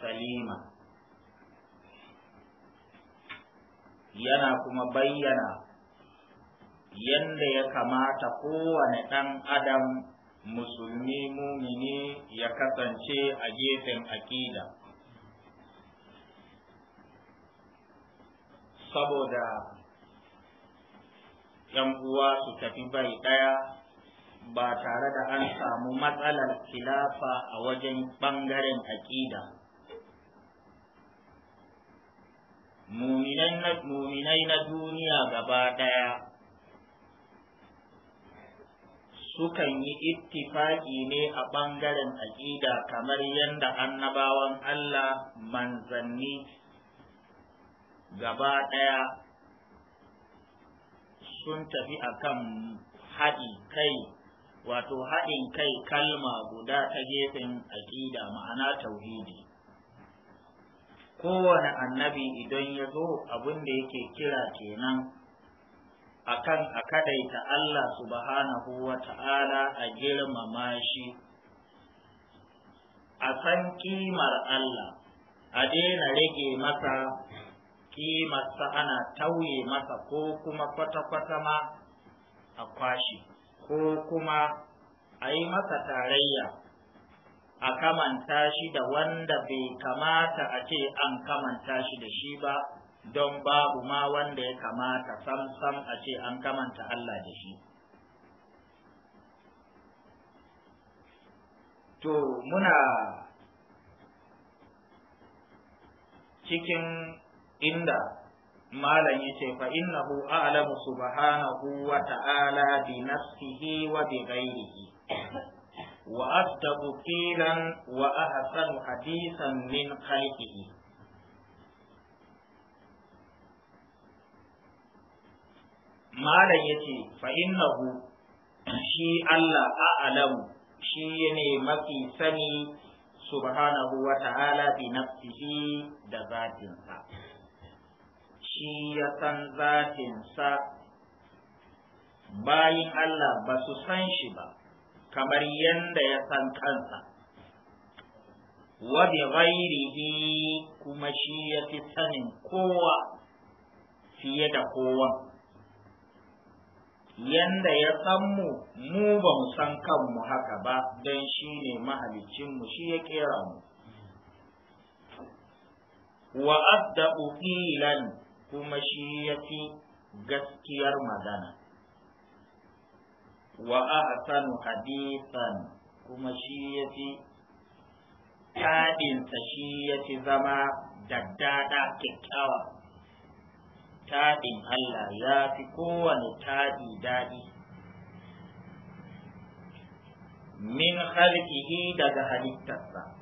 salima yana kuma bayyana yadda ya kamata kowane ɗan adam musulmi mumini ya kasance a gefen aƙida saboda uwa su tafi bai ɗaya ba tare da an samu matsalar khilafa a wajen ɓangaren aƙida. Muminai na duniya gaba ɗaya sukan yi ittifaƙi ne a ɓangaren aƙida kamar yadda annabawan Allah manzanni gaba ɗaya sun tafi akan haɗi kai wato haɗin kai kalma guda ta gefen aƙida ma'ana tauhidi kowane annabi idan ya zo abin da yake kira kenan akan a kadaita Allah subhanahu wa ta'ala a girmama shi a san kimar Allah a daina rage masa kimarsa ana tauye masa ko kuma kwata-kwata ma a kwashe. ko kuma a yi masa tarayya a kamanta shi da wanda bai kamata a ce an kamanta shi da shi ba don babu ma wanda ya kamata sam-sam a ce an kamanta Allah da shi. To muna cikin inda malam yace fa innahu a'lamu subhanahu wa ta'ala bi nafsihi wa bi ghairihi wa asdaqu qilan wa ahsanu hadisan min khalqihi malam yace fa innahu shi Allah a'lamu shi ne mafi sani subhanahu wa ta'ala bi nafsihi da zatinsa shi ya san zatinsa bayin Allah ba su san shi ba kamar yadda ya san kansa wa bi ghairihi kuma shi ya fi sanin kowa fiye da kowa yanda ya san mu mu ba mu san kanmu haka ba don shi ne mu shi ya kera mu wa asdaqu qilan kuma shi ya fi gaskiyar magana wa asanu hadisan kuma shi ya fi taɗinsa shi ya fi zama daddada kyakkyawa taɗin Allah ya fi kowane taɗi daɗi min halkihi daga halittarsa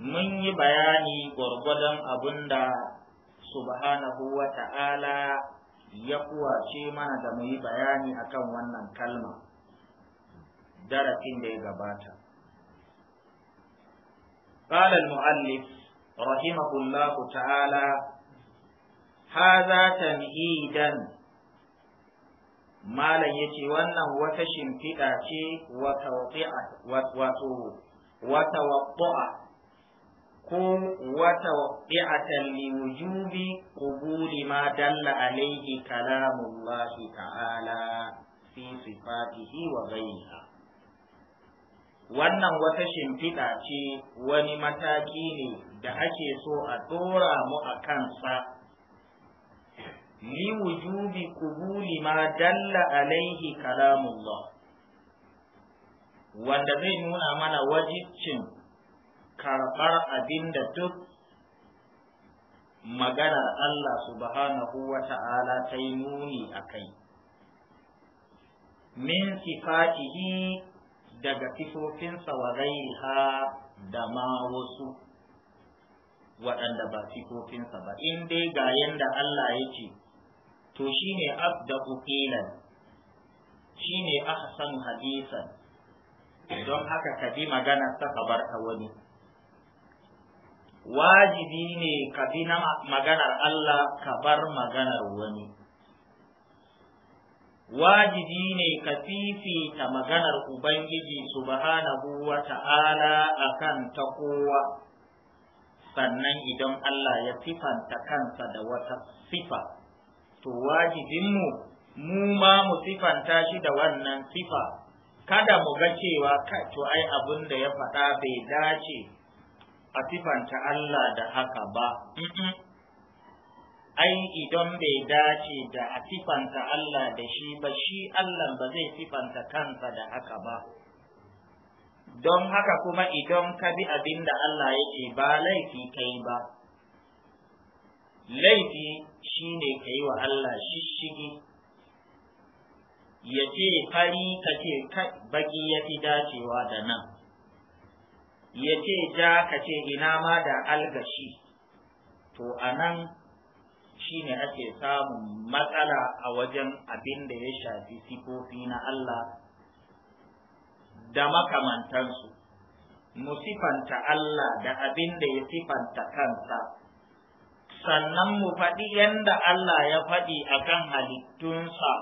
mun yi bayani gwargwadon abin da subhanahu wa ta'ala ya kuwace mana da mu yi bayani akan wannan kalma darasin da ya gabata. قال المؤلف رحمه الله تعالى هذا تمهيدا malam ya ce wannan wata shimfiɗa ce wata wato wata قم وتوقعة لوجوب قبول ما دل عليه كلام الله تعالى في صفاته وغيرها wannan wata shimfiɗa ce wani mataki ne da ake so a tsora mu a kansa li wujubi kubuli ma dalla alaihi kalamullah wanda zai nuna mana wajibcin karɓar abin da duk maganar Allah subhanahu wa ta'ala ta yi nuni a kai. Min sifatihi daga sifofinsa wa ha da ma wasu waɗanda ba sifofinsa ba, in dai ga yadda Allah ya ce to shi ne abda shi ne ahsan hadisan, don haka ka bi maganar ta ka bar ta wani. wajibi ne ka bi na maganar Allah ka bar maganar wani wajibi ne ka fifita maganar Ubangiji subhanahu wa ta'ala akan ta kowa sannan idan Allah ya sifanta kansa da wata sifa to wajibinmu mu ma mu sifanta shi da wannan sifa kada mu ga cewa to ai abin da ya faɗa bai dace a sifanta Allah da haka ba ai idan bai dace da a sifanta Allah da shi ba shi Allah ba zai sifanta kansa da haka ba don haka kuma idan ka bi abin da Allah yake ba laifi kai ba laifi shi ne ka yi wa Allah shishigi ya ce fari ka ce baki ya fi dacewa da nan ya ce ja ka ce ina ma da algashi to a nan shi ne ake samun matsala a wajen abin da ya shafi sifofi na Allah da makamantansu mu sifanta Allah da abin da ya sifanta kansa sannan mu faɗi yadda Allah ya faɗi akan halittunsa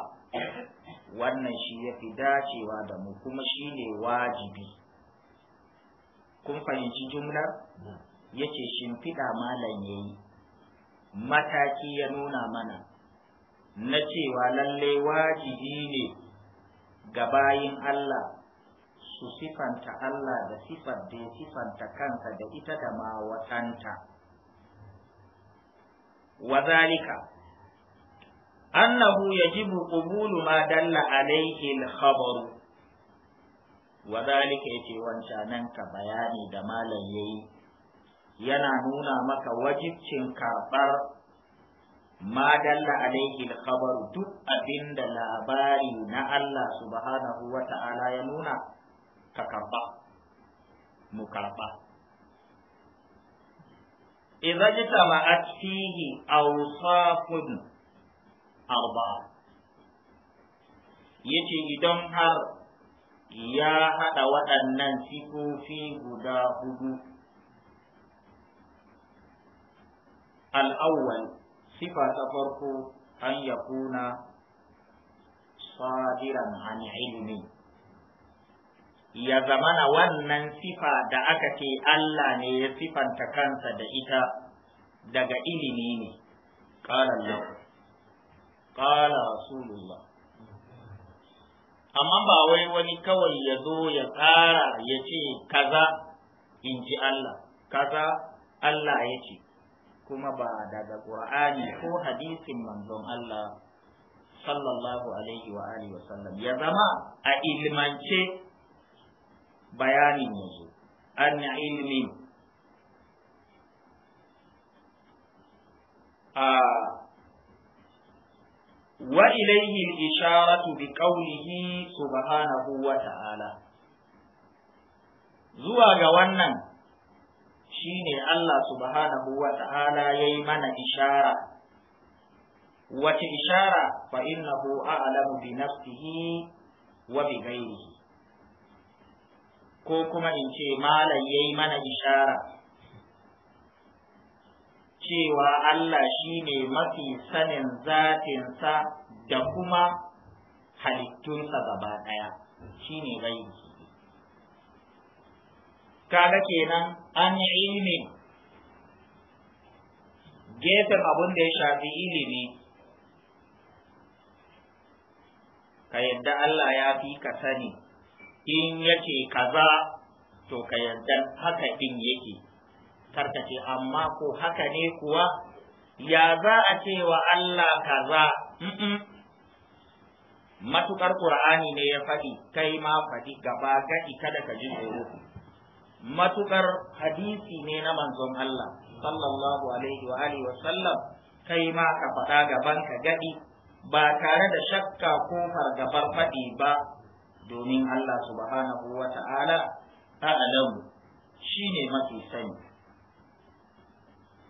wannan shi ya fi dacewa da mu kuma shi ne wajibi kun fahimci jumlar yace shimfiɗa malam yayi mataki ya nuna mana na cewa lalle wajibi ne ga bayin Allah su sifanta Allah da sifar da ya sifanta kansa da ita da ma Wazanika. wazalika annahu yajibu ji ma dalla alaihi al-khabaru wa zalika yace wancanan ka bayani da malam yayi yana nuna maka wajibcin karɓar ma dalla alaihi duk abinda labari na Allah subhanahu wa ta'ala ya nuna ka karɓa mu karɓa idza jama'at fihi awsafun arba'a yace idan har ya haɗa waɗannan sifofi guda hudu al'awwal sifa ta farko an yakuna sadiran an ilimi ya zamana wannan sifa da aka ce Allah ne ya sifanta kansa da ita daga ilimi ne ƙalar lahu ƙala rasulullah amma ba wai wani kawai ya zo ya tsara ya ce kaza in ji Allah kaza Allah ya ce kuma ba daga ƙur'ani ko hadisin manzon Allah sallallahu alaihi wa alihi wa sallam ya zama a ilmance bayanin yanzu an ilmin a ah, wa ilaihi isharatu bi qawlihi subhanahu wa ta'ala zuwa ga wannan shine Allah subhanahu wa ta'ala yayi mana ishara wace ishara fa innahu a'lamu bi nafsihi wa bi ghairihi ko kuma in ce malai yayi mana ishara cewa Allah shi ne mafi sanin zatinsa da kuma halittunsa gaba ɗaya ne. gaibi kaga kenan an yi ilimi. gefen abin da ya shafi ilimi ka yadda Allah ya fi ka sani in yake kaza to ka yadda haka in yake karkace amma ko haka ne kuwa ya za a ce wa Allah kaza matukar Qur'ani ne ya faɗi kai ma faɗi gaba gadi kada ka ji tsoro matukar hadisi ne na manzon Allah sallallahu alaihi wa alihi wa sallam kai ma ka faɗa gaban ka gadi ba tare da shakka ko fargabar faɗi ba domin Allah subhanahu wa ta'ala ta'alamu shine mafi sani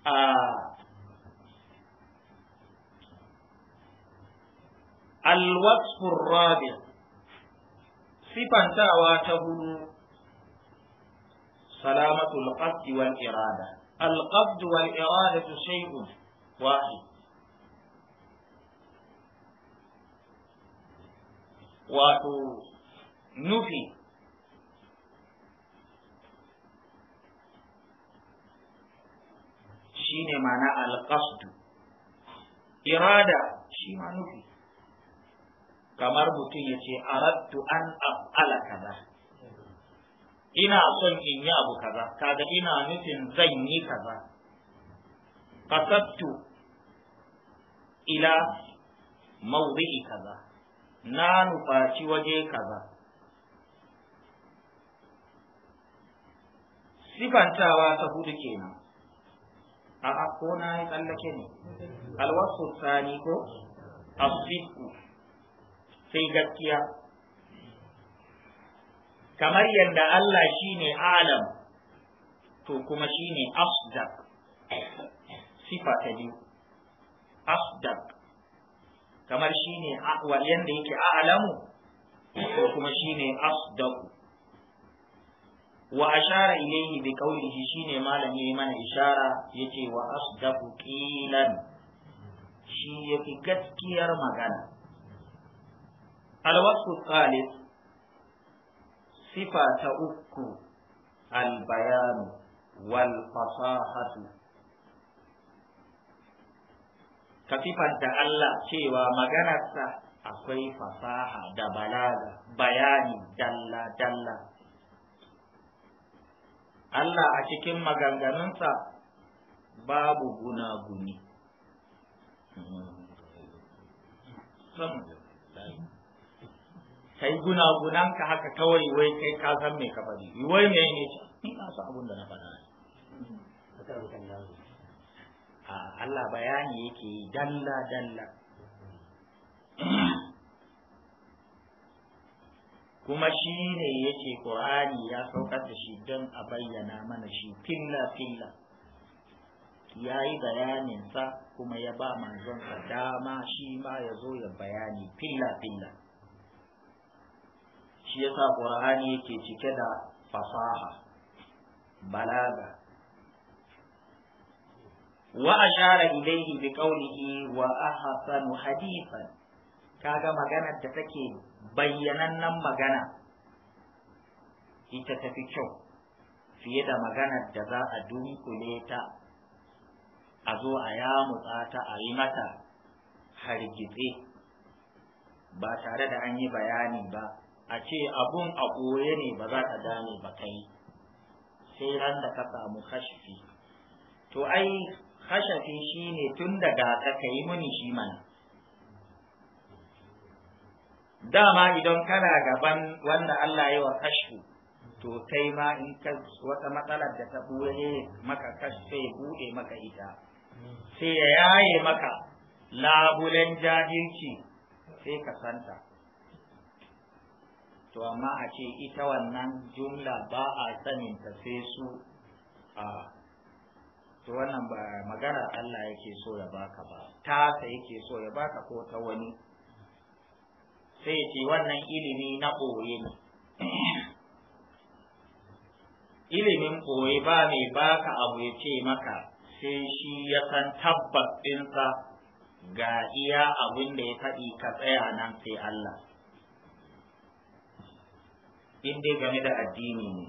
آه. الوصف الرابع صفة تاواته سلامة القصد والإرادة القصد والإرادة شيء واحد واتو نفي shine ma'ana alƙasdu irada shi ma nufi kamar mutum ya ce aradtu an af'ala kaza ina son in yi abu kaza kaga ina nufin zan yi kaza qasadtu ila mawdi'i kaza na nufaci waje kaza sifantawa ta hudu kenan a'a ko na yi tsallake ne alwasu tsani ko asiku sai gaskiya kamar yadda Allah shi ne alam to kuma shi ne asdaq sifa ta biyu asdaq kamar shi ne yadda yake a'lamu to kuma shi ne asdaq wa ashara ilayhi bi qawlihi shine malami yayi mana ishara yace wa asdaqu qilan shi yake gaskiyar magana alwasu thalith sifa ta uku albayanu wal fasahatu ka sifanta Allah cewa maganarsa akwai fasaha da balaga bayani dalla dalla Allah a cikin maganganunsa babu gunaguni. Kai gunagunanka haka kawai wai kai ka san mai ka wai me ne ce, ni na san abin da na faɗa ne. Ah, Allah bayani yake yi dalla dalla. kuma shi ne yake ƙur'ani ya saukar da shi don a bayyana mana shi filla-filla ya yi bayaninsa kuma ya ba manzonsa dama shi ma ya zo ya bayani filla-filla shi yasa ƙur'ani yake cike da fasaha balaga wa ashara ilaihi bi qawlihi wa ahsanu hadithan kaga maganar da take bayyanannen magana ita tafi kyau fiye da maganar da za a dunkule ta a zo a yamutsa ta a yi mata hargitse ba tare da an yi bayani ba a ce abun a ɓoye ne ba za ka gane ba kai sai ran da ka samu kashifi to ai kashafi shine tun daga ka yi muni shi mana dama idan kana gaban wanda Allah ya wa kashfu to kai ma in ka wata matsalar da ta buye maka kashfe sai bude maka ita sai ya yaye maka labulen jahilci sai ka santa to amma a ce ita wannan jumla ba a sanin ta sai su a to wannan ba magana Allah yake so ya baka ba ta yake so ya baka ko ta wani sai ce wannan ilimi na ɓoye ne ilimin ɓoye ba mai baka abu ya ce maka sai shi ya san tabbas ɗinsa ga iya abin da ya faɗi ka tsaya nan sai Allah in dai game da addini ne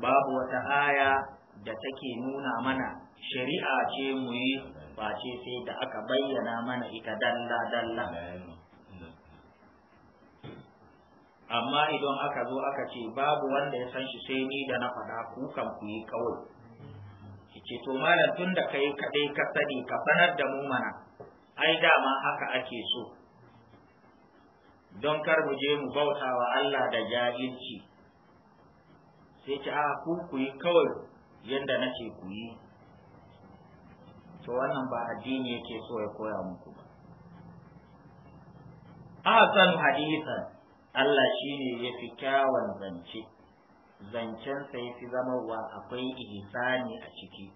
babu wata aya da take nuna mana shari'a ce muyi yi face sai da aka bayyana mana ita dalla dalla amma idan aka zo aka ce babu wanda ya san shi sai ni da na faɗa kukan ku yi kawai ce to malam tun da kai kaɗai ka sani ka sanar da mu mana ai dama haka ake so don kar mu je mu bauta wa Allah da jahilci sai ta a ku ku yi kawai yadda na ce ku yi to wannan ba addini yake so ya koya muku ba ahsan hadisan Allah ne ya fi kyawun zance zancensa ya fi wa akwai ihsani a ciki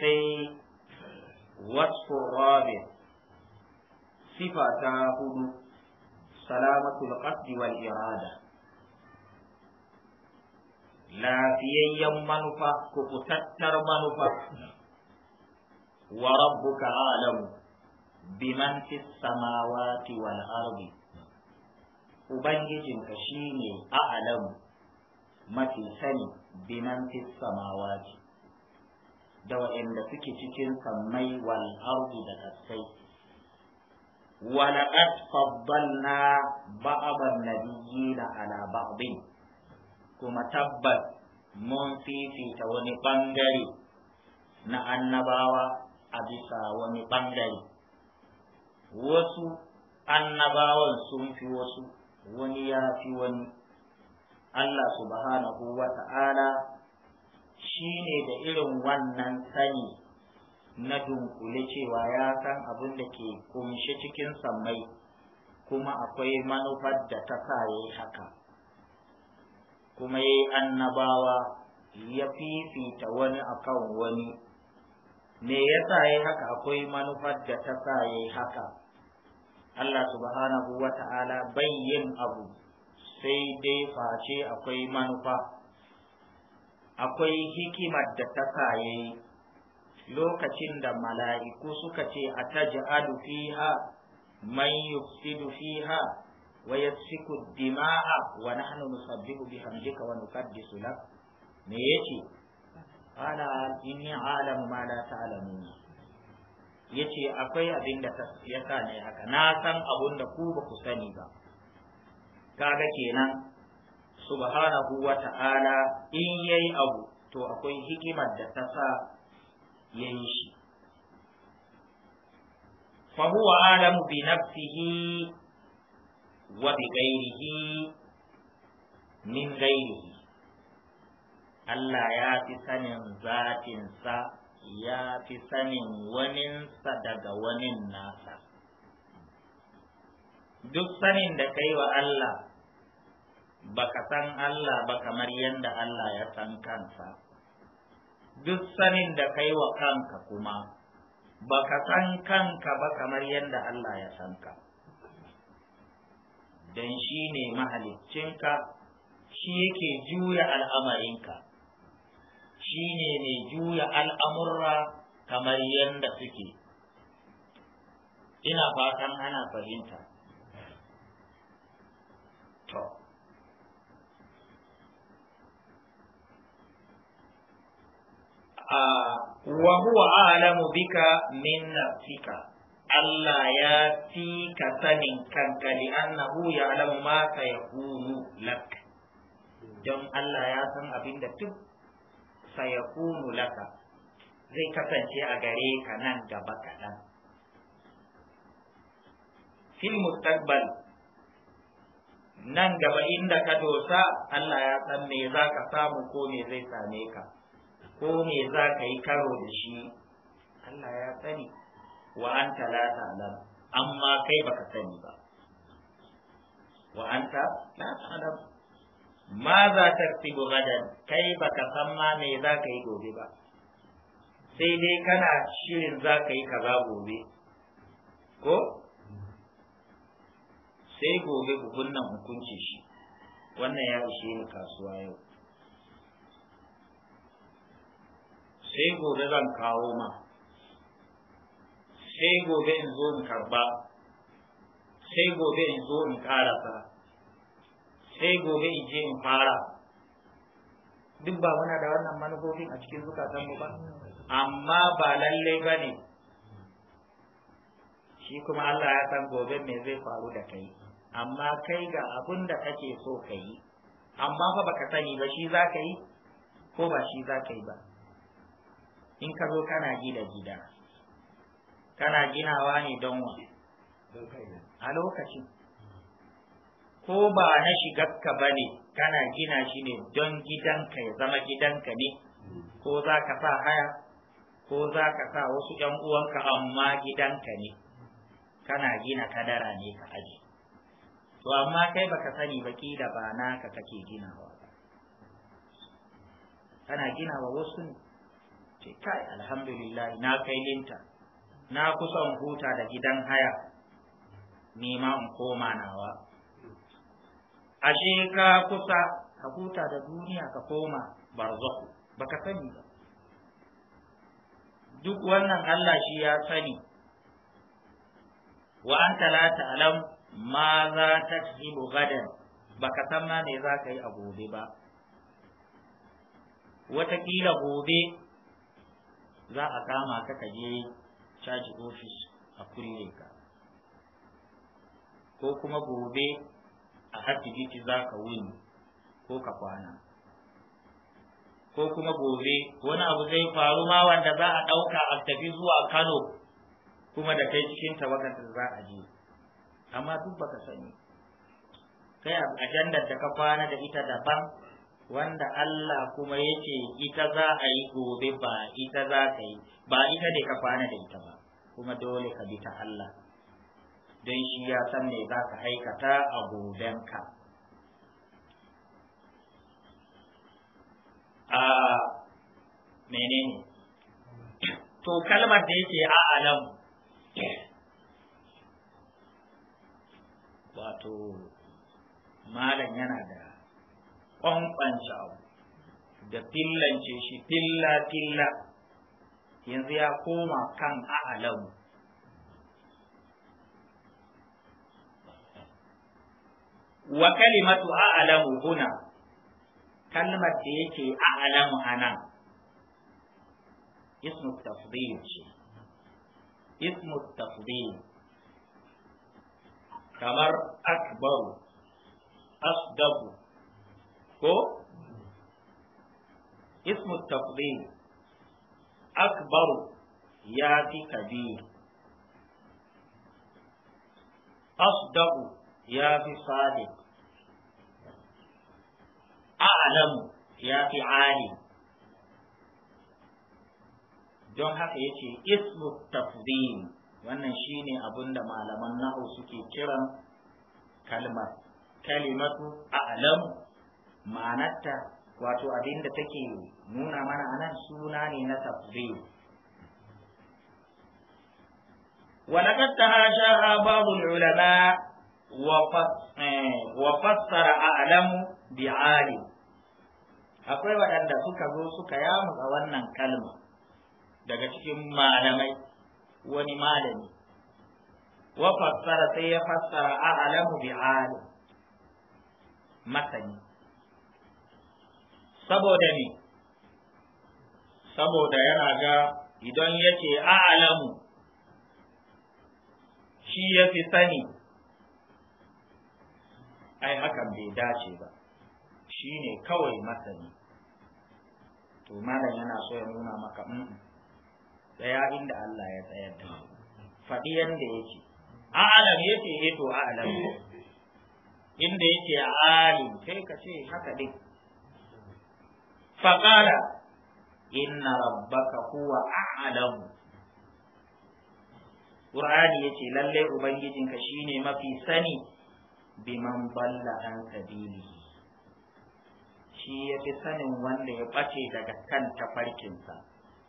sai wasu rabin sifa ta hudu salamatul qasdi wal irada lafiyayyen manufa kubutattar manufa wa rabbuka alamu Binan fi samawati wal ardi ubangijinka shine a'lamu mafi sani binan fi samawati da waɗanda suke cikin sammai wal ardi da kasai ولقد فضلنا بعض النبيين على بعض kuma tabbas mun fifita wani ɓangare na annabawa a bisa wani ɓangare wasu annabawan sun fi wasu wani ya fi wani Allah subhanahu wa ta'ala shi ne da irin wannan sani na dunkule cewa ya san abin da ke kumshe cikin sammai kuma akwai manufar da ta sa haka kuma ya annabawa ya fifita wani akan wani me yasa yayi haka akwai manufar da ta sa yayi haka Allah subhanahu wata'ala ta'ala bayyin abu sai dai face akwai manufa akwai hikimar da ta sa yayi lokacin da mala'iku suka ce a taj'alu fiha man yufsidu fiha wa yasfiku dima'a wa nahnu nusabbihu bihamdika wa nuqaddisu lak me yace qala inni a'lamu ma la ta'lamun yace akwai abin da ya sa haka na san abun da ku ba ku sani ba kaga kenan subhanahu wa ta'ala in yayi abu to akwai hikimar da ta sa yayi shi fa huwa alamu bi nafsihi wa bi ghairihi min ghairihi Allah ya fi sanin zatinsa ya fi sanin waninsa daga wanin nasa duk sanin da kai wa Allah baka san Allah ba kamar yadda Allah ya san kansa duk sanin da kai wa kanka kuma baka san kanka ba kamar yadda Allah ya san ka don shi ne mahaliccinka shi yake juya al'amarinka shine mai juya al'amurra kamar yadda suke ina fatan ana fahimta to ah, wa huwa alamu bika min nafsika Allah ya fi ka sanin kanka li annahu ya'lamu ma sayakunu lak don Allah ya san abin da duk sayakunu laka zai kasance a gare ka nan gaba kaɗan fil mustaqbal nan gaba inda ka dosa Allah ya san me za ka samu ko me zai same ka ko me za ka yi karo da shi Allah ya sani wa anta la ta'lam amma kai baka sani ba wa anta la ma za ta tsibu gadan kai baka san ma me za ka yi gobe ba sai dai kana shirin za ka yi kaza gobe ko sai gobe ku nan hukunci shi wannan ya ishe ni kasuwa yau sai gobe zan kawo ma sai gobe in zo in karba sai gobe in zo in karasa sai gobe in je in fara duk ba muna da wannan manufofin a cikin mu ba amma ba lallai ba ne shi kuma Allah ya san gobe me zai faru da kai amma kai ga abin da kake so ka yi amma fa baka sani ba shi za ka yi ko ba shi za ka yi ba in ka zo kana gida gida kana ginawa ne don wa a lokacin ko ba na shigarka ba ne kana gina shi ne don gidanka ya zama gidanka ne ko za ka sa haya ko za ka sa wasu ƴan uwanka amma gidanka ne kana gina kadara ne ka aji to amma kai baka sani ba kila ba naka kake ginawa kana ginawa wasu ne ce kai alhamdulillah na kai linta na kusa huta da gidan haya nema in koma nawa ashe ka kusa ka huta da duniya ka koma barzakhu baka sani ba duk wannan Allah shi ya sani wa anta la ta'lam ma za ta gadan baka san ma me za ka yi a gobe ba wataƙila gobe za a kama ka ka je caji ofis a kulle ka ko kuma gobe a hatibiti za ka wuni ko ka kwana ko kuma gobe wani abu zai faru ma wanda za a ɗauka a tafi zuwa kano kuma da kai cikin tawagar da za a je amma duk baka sani kai ajandar da ka kwana da ita daban wanda Allah kuma yake ita za a yi gobe ba ita za ka yi ba ita ne ka kwana da ita ba kuma dole ka bi ta Allah don shi ya san me za ka aikata a gobenka a menene to kalmar da yake a alam wato malam yana da ƙwanƙwanci abu da fillance shi filla-filla yanzu ya koma kan a'alamu wa kalimatu a'lamu huna kalmar da yake a'lamu anan ismu tafdil ce ismu tafdil kamar akbaru asdabu ko ismu tafdil akbaru ya fi kabir asdabu ya fi sadiq a'lamu ya fi alim don haka ce ismu tafdhim wannan shine abin da malaman nahwu suke kiran kalmar kalimatu a'lamu ma'anarta wato abin da take nuna mana anan suna ne na tafdhim ولقد تهاشاها wa العلماء a'lamu bi 'alim akwai waɗanda suka zo suka yamuka wannan kalma daga cikin malamai wani malami wa fassara sai ya fassara a'lamu bi alim masani saboda ne saboda yana ga idan yake a'lamu shi ya fi sani ai hakan bai dace ba shine kawai masani to malam yana so ya nuna maka mm, tsaya inda Allah ya tsayar da faɗi yanda yake alam yake eh to alam inda yake alim sai ka ce haka din faqala inna rabbaka huwa a'lam Qur'ani yace lalle ubangijinka shine mafi sani biman balla an sabilihi shi ya fi sanin wanda ya ɓace daga kan tafarkinsa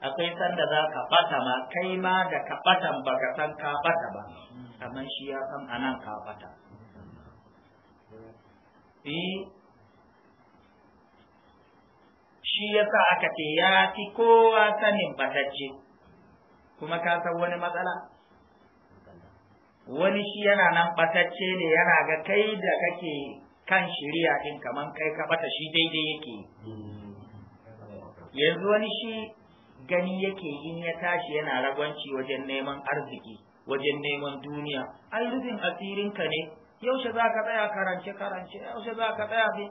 akwai sanda za ka ɓata ma kai ma da ka ɓata ba ka san ka ɓata ba amma shi ya san nan ka ɓata shi ya sa aka ce ya fi kowa sanin ɓatacce, kuma ka san wani matsala wani shi yana nan ɓatacce ne yana ga kai da kake kan shari'a din kaman kai ka bata shi daidai yake hmm. yanzu wani shi gani yake in ya tashi yana ragwanci wajen neman arziki wajen neman duniya ai rufin ka ne yaushe za ka tsaya karance karance yaushe za ka tsaya fi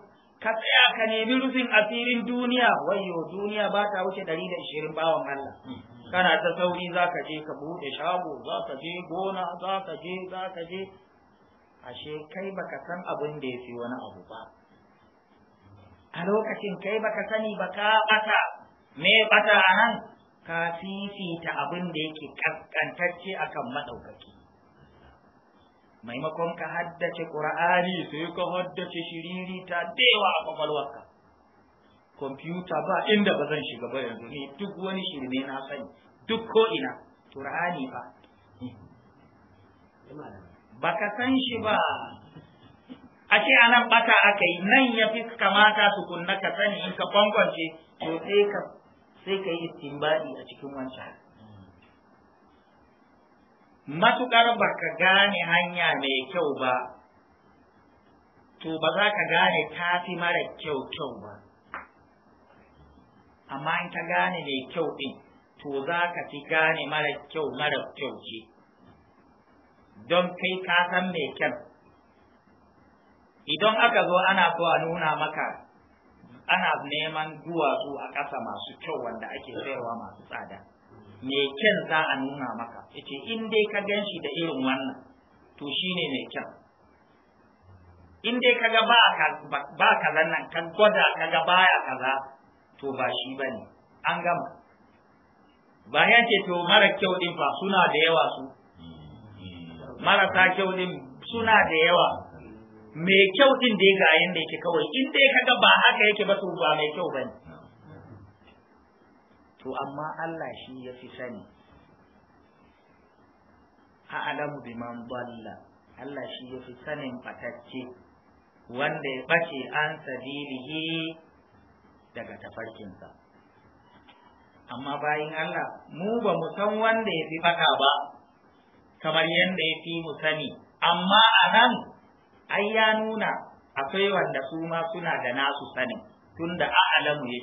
ka tsaya ka nemi rufin asirin duniya wayo duniya ba ta wuce ɗari da ishirin bawan Allah hmm. kana ta sauri za ka je ka buɗe shago za ka je gona za ka je za ka je ashe kai baka san abin da ya fi wani abu ba a lokacin kai baka sani ba ka bata me bata a nan ka fifita abin da yake kaskantacce akan maɗaukaki maimakon ka haddace ƙur'ani sai ka haddace shiriri ta dewa a kwakwalwarka kwamfuta ba inda ba zan shiga ba yanzu ne duk wani shirme na sani duk ko ina ba baka san shi ba A ce anan bata aka yi nan ya fi kamata su kunna ka sani in ka kwankwance to sai ka sai ka yi istimbadi a cikin wancan matukar ka gane hanya mai kyau ba to ba za ka gane ta fi mara kyau kyau ba amma in ka gane mai kyau ɗin, to za ka fi gane mara kyau mara kyau ce don kai ka san mai kyan idan aka zo ana so a nuna maka ana neman duwatsu a ƙasa masu kyau wanda ake sayarwa masu tsada mai kyan za a nuna maka yace in dai ka gan shi da irin wannan to shine mai kyan in dai kaga ba ba kaza nan ka gwada kaga baya kaza to ba shi bane an gama bayan ce to mara kyau din fa suna da yawa su marasa kyau din suna da yawa mai kyau din da ga yin da yake kawai in dai kaga ba haka yake ba su ba mai kyau bane to amma Allah shi ya fi sani a alamu biman balla Allah shi ya fi sanin fatacce wanda ya bace an sabilihi daga tafarkinsa amma bayin Allah mu ba mu san wanda ya fi fata ba kamar yadda ya fi mu sani amma a nan ai ya nuna akwai wanda su ma suna da nasu sanin tunda a'lamu ce,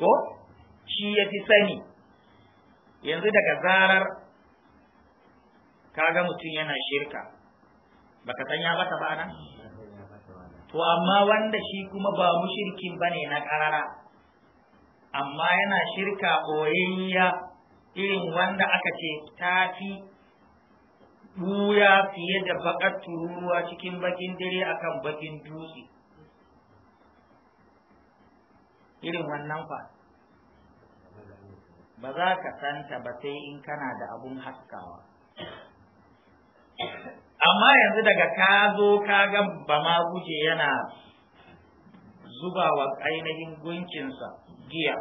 ko shi ya fi sani yanzu daga zarar kaga mutum yana shirka baka san ya bata ba nan to amma wanda shi kuma ba mu ba bane na karara amma yana shirka boyayya irin wanda aka ce tafi buya fiye da bakar tururuwa cikin bakin dare akan bakin dutse irin wannan fa ba za ka santa ba sai in kana da abun haskawa amma yanzu daga ka zo ka ga ba ma guje yana zubawa ainihin gunkinsa giya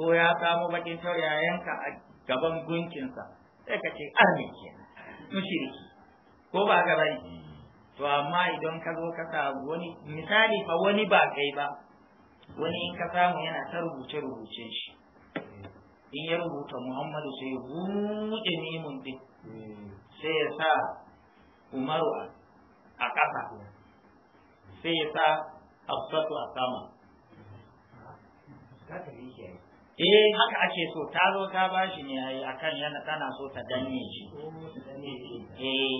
ko ya samu bakin tauraya yanka a gaban gunkinsa sai ka ce arne kenan mushiriki ko ba ka bane to amma idan ka zo ka samu wani misali fa wani ba kai ba wani in ka samu yana ta rubuce rubucen shi in ya rubuta muhammadu sai ya buɗe mimun din sai ya sa umaru a ƙasa sai ya sa absatu a sama eh haka ake so ta zo ta bashi ne yayi akan yana tana so ta danne shi eh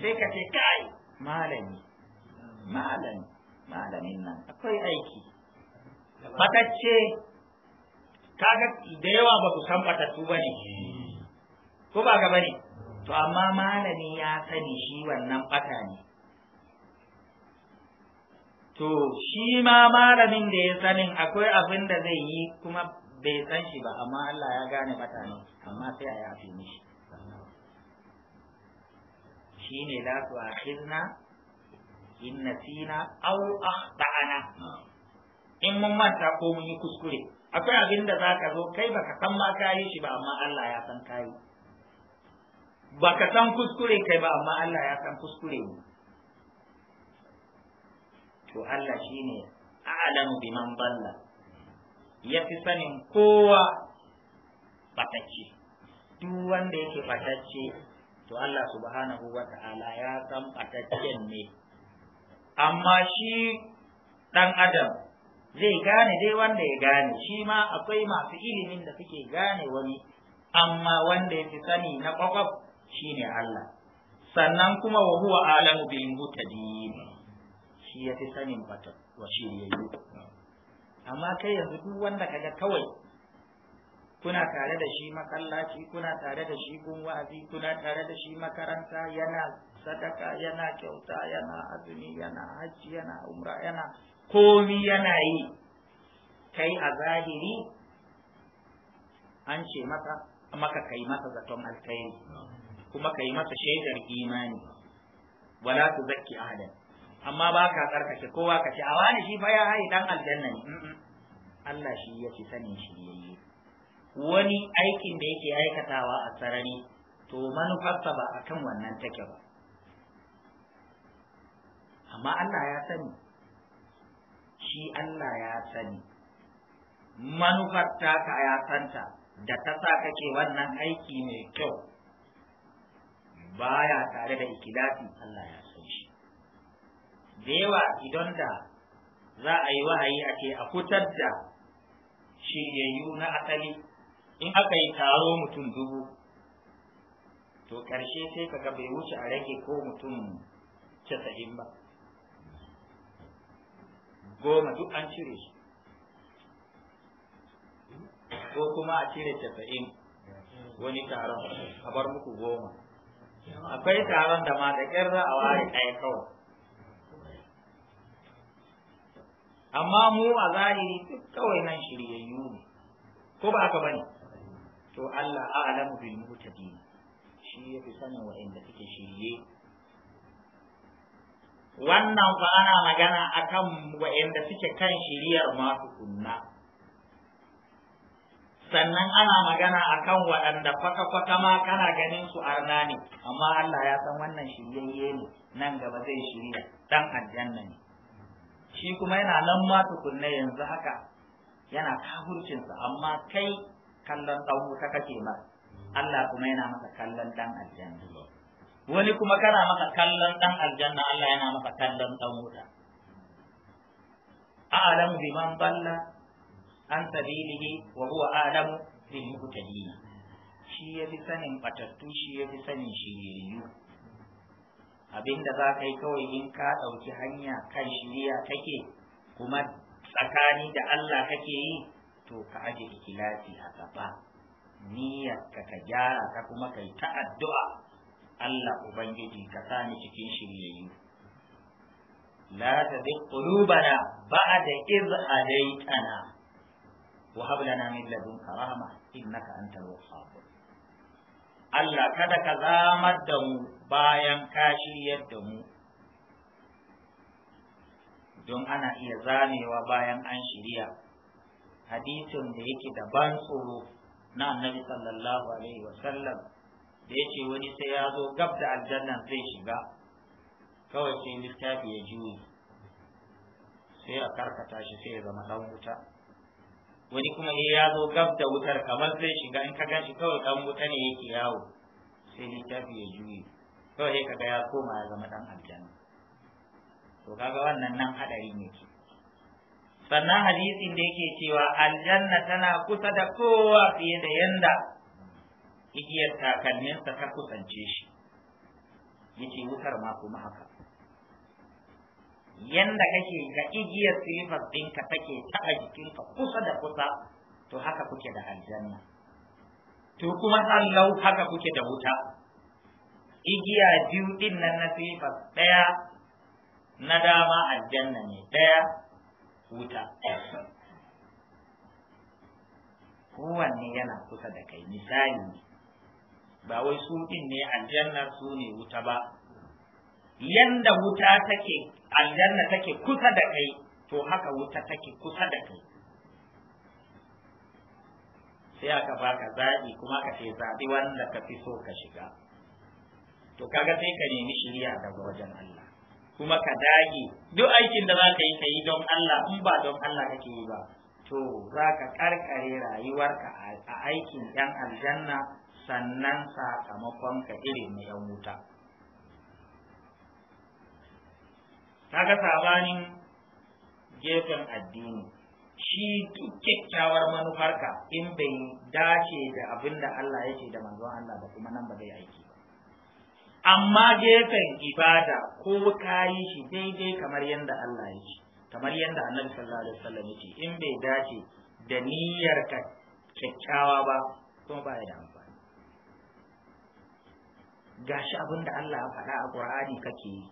sai ka ce kai malami malami malamin nan akwai aiki batacce kaga da yawa ba su san batattu ba ne ko ba ga ne to amma malami ya sani shi wannan fata ne to shi ma malamin da ya sanin akwai abin da zai yi kuma bai san shi ba amma Allah ya gane mutane amma sai a yafi mishi shi ne la su akhizna in nasina aw akhtana in mun manta ko mun yi kuskure akwai abin da zaka zo kai baka san ma kayi shi ba amma Allah ya san kayi baka san kuskure kai ba amma Allah ya san kuskure ne to Allah shi ne a'lamu biman balla ya fi sanin kowa batacce duk wanda yake batacce to Allah subhanahu wa ta'ala ya san bataccen ne amma shi dan adam zai gane dai wanda ya gane shi ma akwai masu ilimin da suke gane wani amma wanda ya fi sani na kwakwaf shine Allah sannan kuma wa huwa alamu bil mutadin shi ya fi sanin batun wa yi amma kai yanzu duk wanda kaga kawai kuna tare da shi makallaci kuna tare da shi gun wa'azi kuna tare da shi makaranta yana sadaka yana kyauta yana azumi yana hajji yana umra yana komi yana yi kai a zahiri an ce maka maka kai masa zaton alkhairi kuma kai masa shaidar imani wala tuzakki ahadan amma ba ka tsarkake kowa ka ce a wani shi fa ya haye dan aljanna ne Allah shi ya fi sanin shi yayi wani aikin da yake aikatawa a sarari to manufarsa ba akan wannan take ba amma Allah ya sani shi Allah ya sani manufar ka ya santa da ta sa kake wannan aiki mai kyau baya tare da ikilafi Allah ya da yawa idan da za a yi wahayi a ce a fitar da shiryayyu na asali in aka yi taro mutum dubu to ƙarshe sai ka bai wuce a rage ko mutum casa'in ba goma duk an cire ko kuma a cire casa'in wani taron a bar muku goma akwai taron da ma da ƙyar za a ware ɗaya kawai amma mu a zahiri duk kawai nan shiryayyu ne ko ba haka bane to Allah a'lamu bil muhtadin shi ya fi sanin wa'inda suke shirye wannan fa ana magana akan wa'inda suke kan shiriyar masu kunna sannan ana magana akan waɗanda faka-faka ma kana ganin su arna ne amma Allah ya san wannan shiryayye ne nan gaba zai shirya dan aljanna ne shi kuma yana nan ma tukunne yanzu haka yana kafurcinsa amma kai kallon ɗan wuta kake ma Allah kuma yana maka kallon ɗan aljanna wani kuma kana maka kallon ɗan aljanna Allah yana maka kallon ɗan wuta a'lamu biman balla an sabilihi wa huwa a'lamu bil muhtadin shi yafi sanin batattu shi yafi sanin shiriyu abinda za ka yi kawai in ka ɗauki hanya kan shiriya kake kuma tsakani da Allah kake yi to ka aje ikilasi a gaba niyyar ka ka gyara ka kuma kai ta addu'a Allah ubangiji ka sani cikin shiryayyu la tazigh ba ba'da iz hadaytana wa hab min ladunka rahma innaka antal wahhab Allah kada ka zamar da mu bayan ka shiryar da mu don ana iya zanewa bayan an shirya hadisin da yake da ban tsoro na annabi sallallahu alaihi wasallam da yake wani sai ya zo gab da aljannan zai shiga kawai sai littafi ya juyi sai a karkata shi sai ya zama dan wuta wani kuma ya zo gab da wutar kamar zai shiga in ka shi kawai dan wuta ne yake yawo sai littafi ya juyi kawai sai kaga ya koma ya zama dan aljanna to kaga wannan nan hadarin ke. sannan hadisin da yake cewa aljanna tana kusa da kowa fiye da yanda igiyar takalminsa ta kusance shi yace wutar ma kuma haka yanda kake ga igiyar silifas ɗinka take ta a jikinka kusa da kusa to haka kuke da aljanna to kuma sallau haka kuke da wuta igiya biyu din nan na sifa ɗaya na dama aljanna ne ɗaya wuta kowanne yana kusa da kai misali ba wai su din ne aljanna su ne wuta ba yanda wuta take aljanna take kusa da kai to haka wuta take kusa da kai sai aka baka zaɓi kuma ka ce zaɓi wanda ka fi so ka shiga to kaga sai ka nemi shiriya daga wajen Allah kuma ka dage duk aikin da za ka yi ka don Allah in ba don Allah kake yi ba to za ka karkare rayuwarka a aikin yan aljanna sannan sakamakon ka irin na yan wuta kaga sabanin gefen addini shi duk kyakkyawar manufarka in bai dace da abinda da Allah yake da manzon Allah da kuma nan ba zai aiki amma gefen ibada ko ka yi shi daidai kamar yadda Allah ya ce kamar yadda Annabi sallallahu alaihi wasallam ya ce in bai dace da niyyar ka kyakkyawa ba kuma ba ya da amfani gashi abin da Allah ya faɗa a Qur'ani kake yi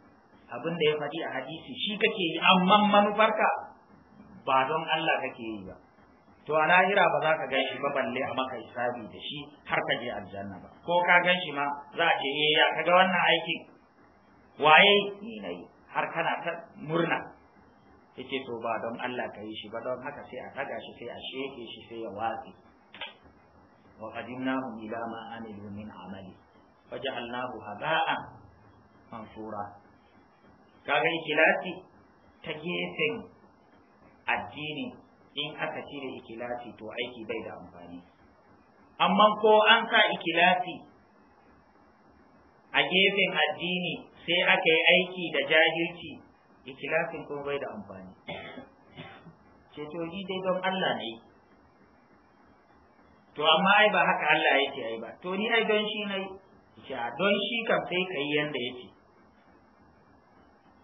abin ya faɗi a hadisi shi kake yi amma manufarka ba don Allah kake yi ba to a lahira ba za ka gan shi ba balle a maka hisabi da shi har ka je aljanna ba ko ka gan shi ma za a ce eh ya ga wannan aikin waye ni nayi har kana ta murna yace to ba don Allah ka yi shi ba don haka sai a taga shi sai a sheke shi sai ya watsi wa qadimnahu ila ma amilu min amali faja'alnahu haba'an mansura kaga ikilasi ta gefen addini in aka cire ikilasi to aiki bai da amfani amma ko an sa ikilasi a gefen addini sai aka yi aiki da jahilci ikilasin ko bai da amfani ceto yi dai don Allah ne to amma ai ba haka Allah yake ai ba to ni ai don shi na a don shi kam sai kai yanda yake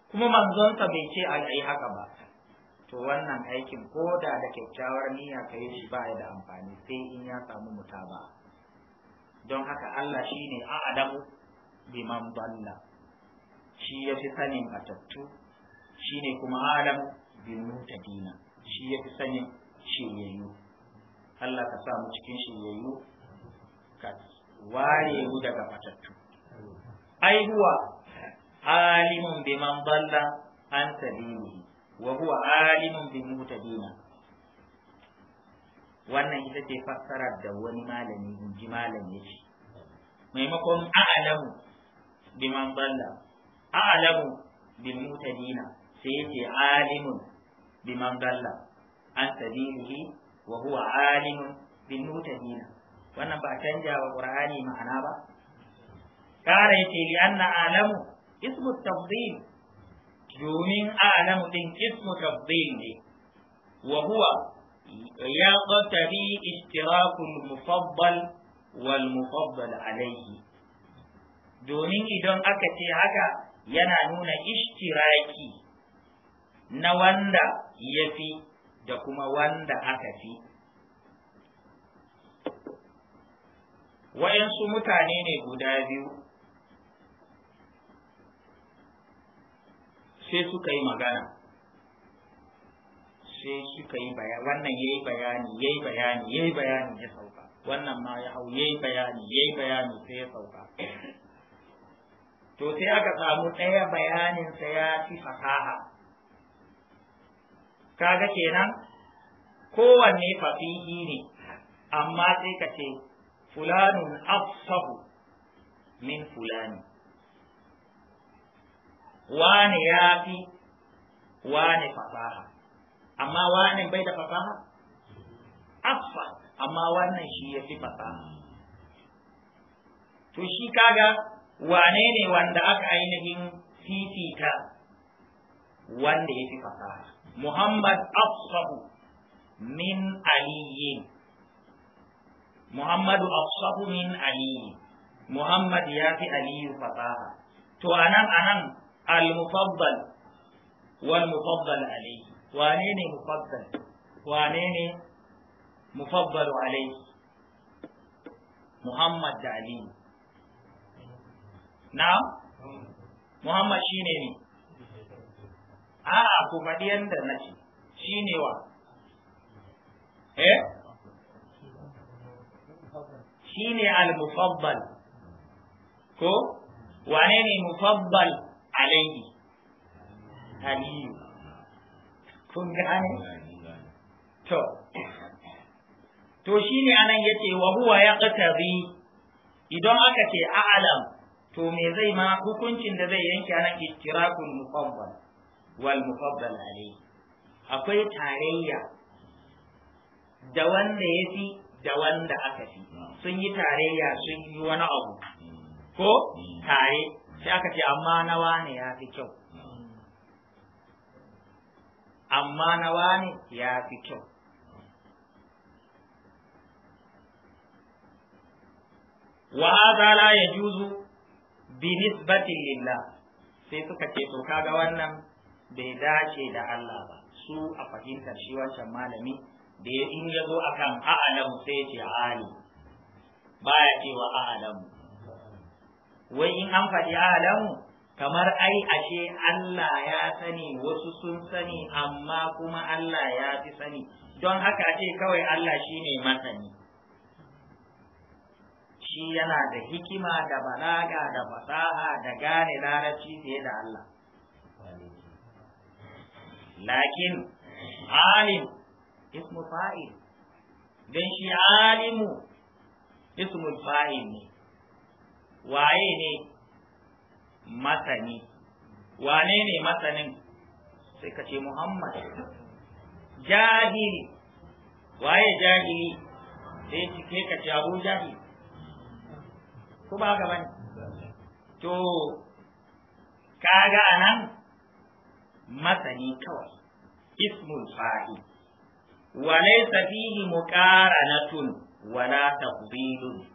kuma manzonsa bai ce ai haka ba to wannan aikin ko da da kyakkyawar niyya ka yi shi ba da amfani sai in ya samu mutaba don haka Allah ne a adabu biman balla shi ya fi sanin atattu ne kuma adamu ta dina, shi ya fi sanin shiryayyu Allah ka sa mu cikin shiryayyu ka ware mu daga fatattu ai huwa alimun biman balla an sabilihi wa huwa alimun bil mutadina wannan ita ce fassarar da wani malami in ji malam ya ce maimakon a'lamu biman balla a'lamu bil mutadina sai ya ce alimun biman balla an sabilihi wa huwa alimun bil mutadina wannan ba canja wa qur'ani ma'ana ba kare yace li anna alamu ismu tafdhil domin a'lamu din ismu tafdil ne wa huwa ya qatari ishtirakul mufaddal wal mufaddal alayhi domin idan aka ce haka yana nuna ishtiraki na wanda ya fi da kuma wanda aka fi wa'yansu mutane ne guda biyu sai suka yi magana sai suka yi bayani wannan yayi bayani yayi bayani yayi bayani ya sauka wannan ma ya hau yayi bayani yayi bayani sai ya sauka to sai aka samu ɗaya bayanin sa ya fi fasaha kaga kenan kowanne fafihi ne amma sai ka ce fulanun afsahu min fulani wane ya fi wane fasaha amma wane bai da fasaha affa amma wannan shi ya fi fasaha to shi kaga wane ne wanda aka ainihin fifita wanda ya fi fasaha muhammad afsahu min aliyin muhammadu afsahu min aliyin muhammad ya fi aliyu fasaha to anan anan al-mufaddal wal mufaddal alayhi wane Muhammad da Ali na Muhammad shine ne a ku faɗi yanda wa eh ko alaihi aliyu kun gane to to shine anan yace wa huwa qatabi idan aka ce a'lam to me zai ma hukuncin da zai yanke anan ishtirakul mufaddal wal mufaddal alayhi akwai tarayya da wanda ya fi da wanda aka fi hmm. sun yi tarayya sun yi wani abu hmm. ko hmm. tare sai aka ce amma na wane ya fi kyau amma na wane ya fi kyau wa hadha la yajuzu bi nisbati lillah sai suka ce to kaga wannan bai dace da Allah ba su a fahimtar shi wancan malami da in ya zo akan a'lamu sai ya ce ali baya cewa a'lamu wai in an faɗi alamu kamar ai ashe Allah ya sani wasu sun sani amma kuma Allah ya fi sani don haka ce kawai Allah shi ne masani shi yana da hikima da balaga da fasaha da gane larabci fiye da Allah lakin alim ismu fa'il don shi alimu ismu fa'il ne waye ne masani wane ne masanin sai ka ce muhammad jahili waye jahili sai cike ka ce abu jahili ko ba ga bane to kaga anan masani kawai ismul fahi wa laysa fihi muqaranatun wala tafdilun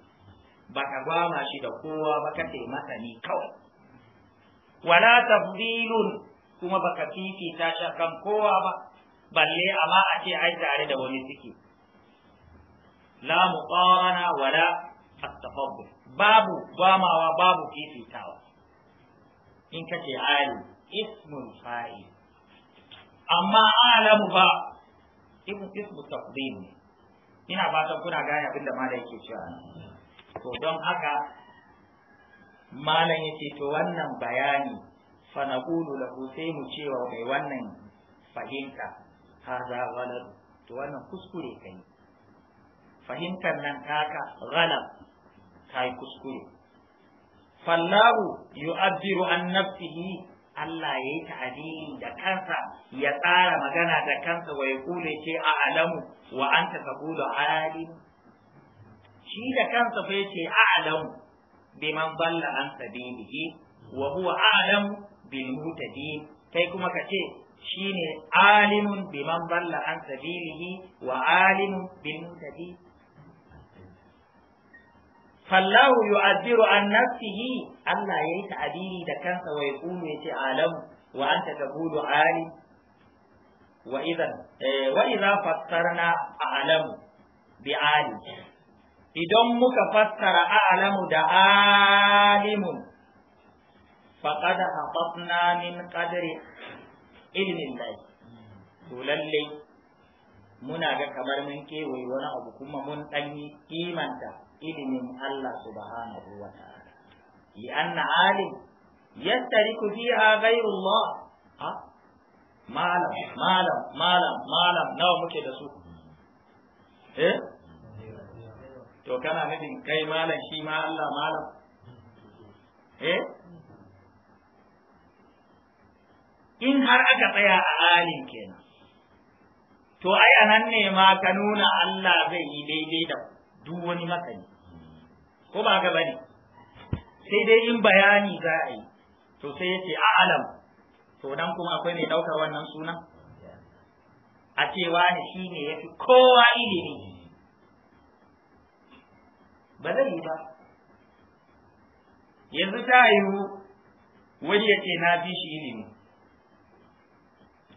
Ba ka gwama shi da kowa ba ka masa ni kawai wala tafdilun kuma baka fifita shi kan kowa ba balle amma a ce ai tare da wani suke la muqarana wala at-tafaddul babu gwamawa babu fifitawa in ka ce Ali, ismun fa'i amma alamu ba ibn ismu ne. ina fatan kuna gane abin da malai yake cewa to don haka malam yace to wannan bayani fa naqulu lahu sai mu cewa mai wannan fahimta haza ghalab to wannan kuskure kai fahimtar nan taka ghalab kai kuskure fallahu yu'abbiru an nafsihi Allah ya yi ta'adili da kansa ya tsara magana da kansa wa ya kule ce a alamu wa an ta kabulu alim shi da kansa fa yace a'lamu biman balla an sabilihi wa huwa a'lamu bil mutadin kai kuma ka ce shine alimun biman balla an sabilihi wa alimun bil mutadin fallahu yu'addiru an nafsihi Allah yayi ta'diri da kansa wa yaqulu yace alamu wa anta taqulu alim wa idan eh, bi idan muka fassara a'lamu da alimun faƙad hatatna min qadri ilmin lahi to lalle muna ga kamar mun kewaye wani abu kuma mun dan yi kimanta ilimin Allah subhanahu wa ta'ala li anna alim yastariku fiha ghayru Allah malam malam malam malam nawa muke da su eh to kana nufin kai malam shi ma Allah malam eh in har aka tsaya a alin kenan to ai anan ne ma ka nuna Allah zai yi daidai da duk wani makani ko ba ga bane sai dai in bayani za a yi to sai yace a alam to dan kuma akwai mai daukar wannan suna a cewa ne shi ya yafi kowa ilimi ba zai yi ba yanzu ta yiwu wani ya ce na fi shi ilimi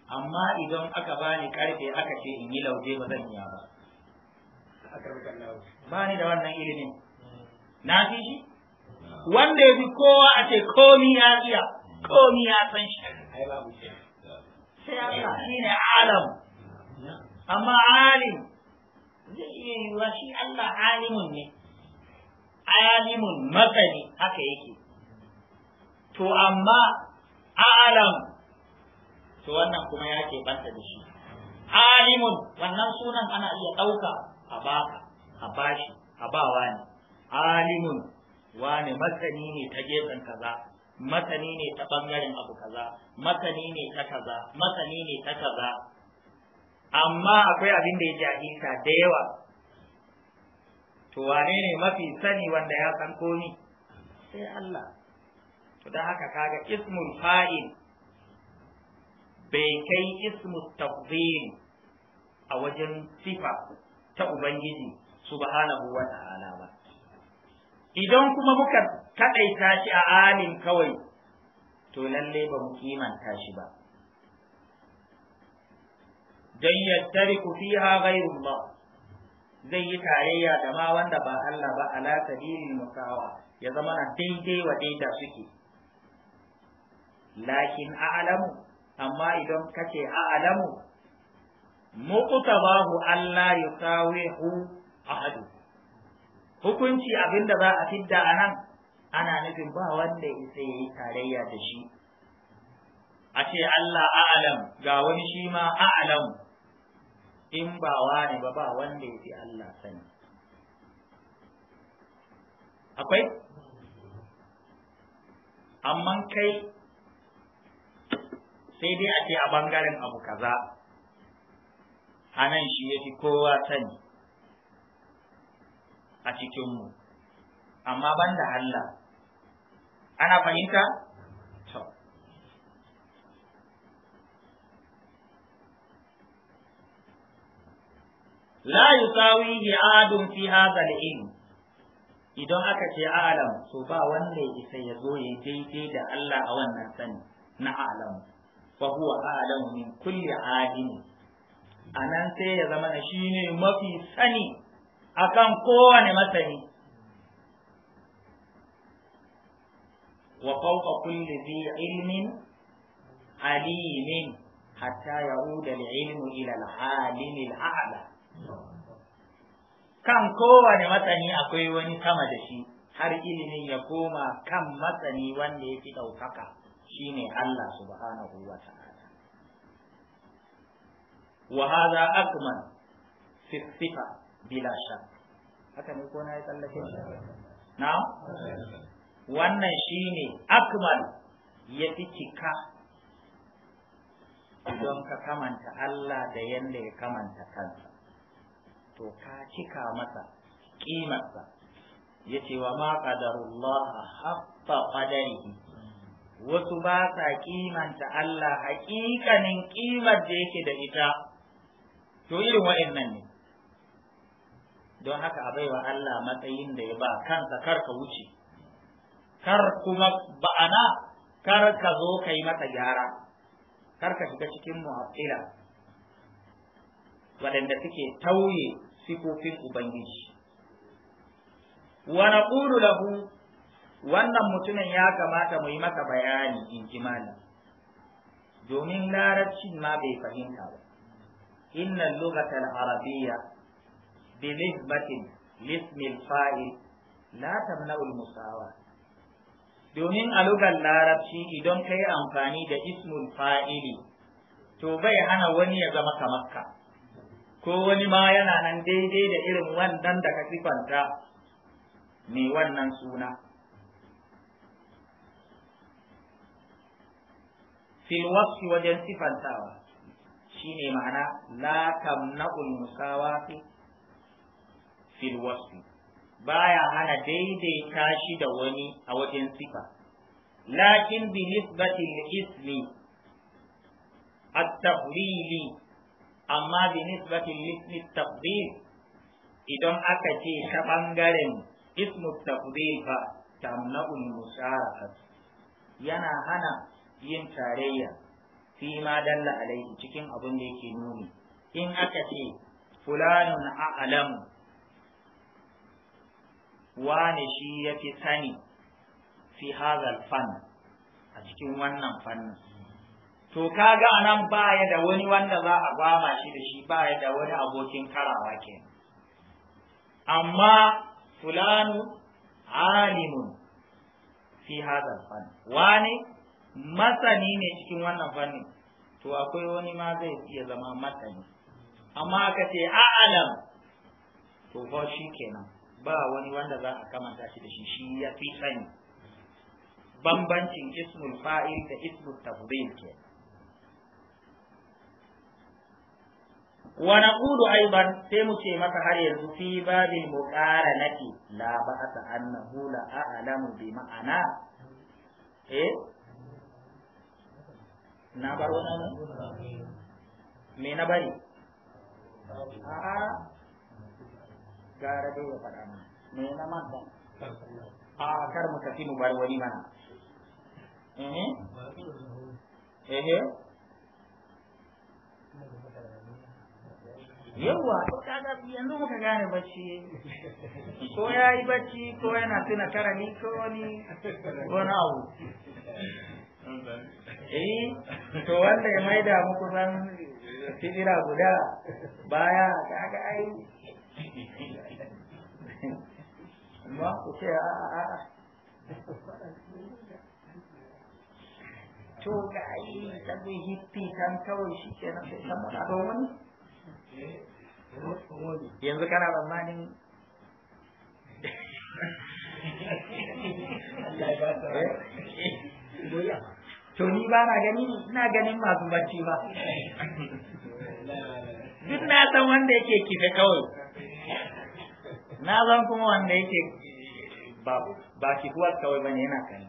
amma idan aka bani karfe aka ce in yi lauje ba zan iya ba ba ni da wannan ilimin na fi shi wanda ya fi kowa a ce komi ya iya komi ya san shi sai Allah shi ne alam amma alim zai iya yiwuwa shi Allah alimun ne alimun masani haka yake to amma alam to wannan kuma ya ke banta da shi alimun wannan sunan ana iya ɗauka a baka a bashi a ba wani alimun wani masani ne ta gefen kaza masani ne ta bangaren abu kaza masani ne ta kaza masani ne ta kaza amma akwai abin da ya jahilta da yawa to wane ne mafi sani wanda ya san komi sai Allah to da haka kaga ismul fa'il bai kai ismun tafdhil a wajen sifa ta ubangiji subhanahu wa ta'ala ba idan kuma muka kadaita shi a alin kawai to lalle ba mu kimanta shi ba dan yattariku fiha ghayrullah zai yi tarayya da ma wanda ba Allah ba ala kadirin mukawa ya zama a daidai wa daida suke lakin a'lamu amma idan kace a'lamu muqtabahu Allah yusawihu ahadu hukunci abinda za a fidda anan ana nufin ba wanda isa yi tarayya da shi a ce Allah a'lam ga wani shi ma a'lamu in ba wani ba ba wanda ya fi Allah sani akwai amma kai sai dai a a bangaren abu kaza a nan shi ya fi kowa sani a cikinmu amma banda Allah ana fahimta? la yusawihi adun fi hadha al-ilm idan aka ce alam to ba wanda ya isa ya zo ya daidai da Allah a wannan sani na alam fa huwa alam min kulli adin anan sai ya zama na shine mafi sani akan kowane masani wa fawqa kulli dhi ilmin alimin hatta yauda al-ilmu ila al al-a'la kan kowane matsani akwai wani sama da shi har ilimin ya koma kan matsani wanda ya fi ɗaukaka shine Allah subhanahu wa ta'ala wa hadha akman fi sifa bila shak haka ne ko na yi tsallake shi na wannan shine akman ya fi cika don ka kamanta Allah da yanda ya kamanta kansa to ka cika masa kimarsa ya ce wa ma qadarullah haqqa qadarihi wasu ba sa kimanta Allah hakikanin kimar da yake da ita to irin wa'annan ne don haka a baiwa Allah matsayin da ya ba kansa kar ka wuce kar kuma ba'ana kar ka zo ka yi mata gyara kar ka shiga cikin mu'attila waɗanda suke tauye sifofin ubangiji wa da lahu wannan mutumin ya kamata mu yi maka bayani in ji domin larabcin ma bai fahimta ba inna lugatar arabiyya bi nisbatin lismi al-fa'il la tamna'u musawa domin a lugan larabci idan kai amfani da ismul fa'ili to bai hana wani ya zama kamar ka ko wani ma yana nan daidai da irin wannan da ka sifanta mai wannan suna fil wajen sifantawa shine ma'ana la tamna'ul musawati fil wasfi baya hana daidai shi da wani a wajen sifa lakin bi nisbati al-ismi at tahlili amma bi nisbatin lismi tafdil idan aka ce ta bangaren ismu tafdil fa tamna'ul musharaka yana hana yin tarayya fi ma dalla alaihi cikin abin da yake nuni in aka ce fulanun a'lamu Wani shi yafi sani fi hazal fan a cikin wannan fannin to kaga anan baya da wani wanda za a gwama shi da shi baya da wani abokin karawa ke amma fulanu alimun fi hadal fan wani masani ne cikin wannan fannin to akwai wani ma zai iya zama masani amma ka ce a'alam to fa shi kenan ba wani wanda za a kamanta shi da shi shi ya fi sani bambancin ismul fa'il da ismul tafdil kenan wa naqulu aidan sai mu ce masa har yanzu fi la bi ma'ana eh na bar me na bari gara dai ya faɗa me na manta a kar mu tafi mu bar wani mana eh eh yawa kaga yanzu muka gane bacci ko ya yi bacci ko yana tuna ni ko wani wani abu eh to wanda ya maida muku san fitira guda baya kaga ai amma ku ce a a a to ga ai sabbi hippi kan kawai shi na sai samu yanzu kana tsammanin to ni ba na gani ina ganin masu barci ba duk na san wanda yake kife kawai na san kuma wanda yake ba kifuwar kawai bane yana kan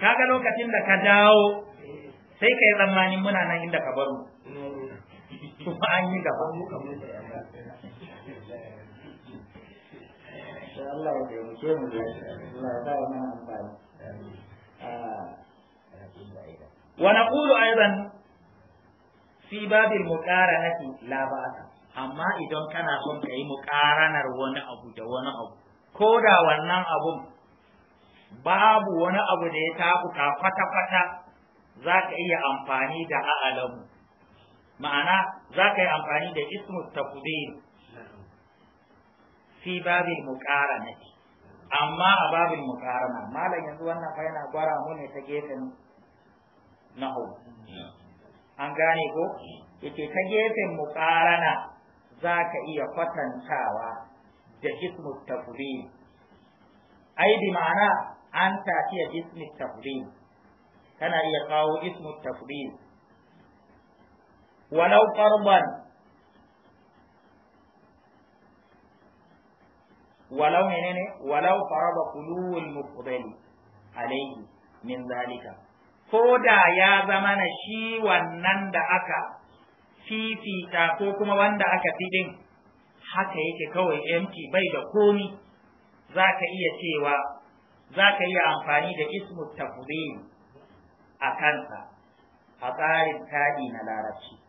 kaga lokacin da ka dawo sai ka yi tsammanin muna nan inda ka baro kuma an yi gaba Allah ya taimake mu da Allah ya ba mana amfani ah. wa naqulu aidan fi babil muqaranati amma idan kana son kai muqaranar wani abu da wani abu ko da wannan abun babu wani abu da ya tafuka kwata fata za ka iya amfani da a'alamu ma'ana za ka yi amfani da ismu tafdil fi babin muqaranati amma a babin na. malam yanzu wannan fa yana gwara mu ne ta gefen hau an gane ko yake ta gefen na za ka iya kwatantawa da ismu tafdil ai bi ma'ana an tafiya ismu tafdil kana iya kawo ismu tafdil walau qarban walau menene walau kulul alayhi min zalika ko da ya zama na shi wannan da aka fifita ko kuma wanda aka fi din haka yake kawai empty bai da komi za ka iya cewa za ka iya amfani da ismu tafdil a kansa a tsarin taɗi na larabci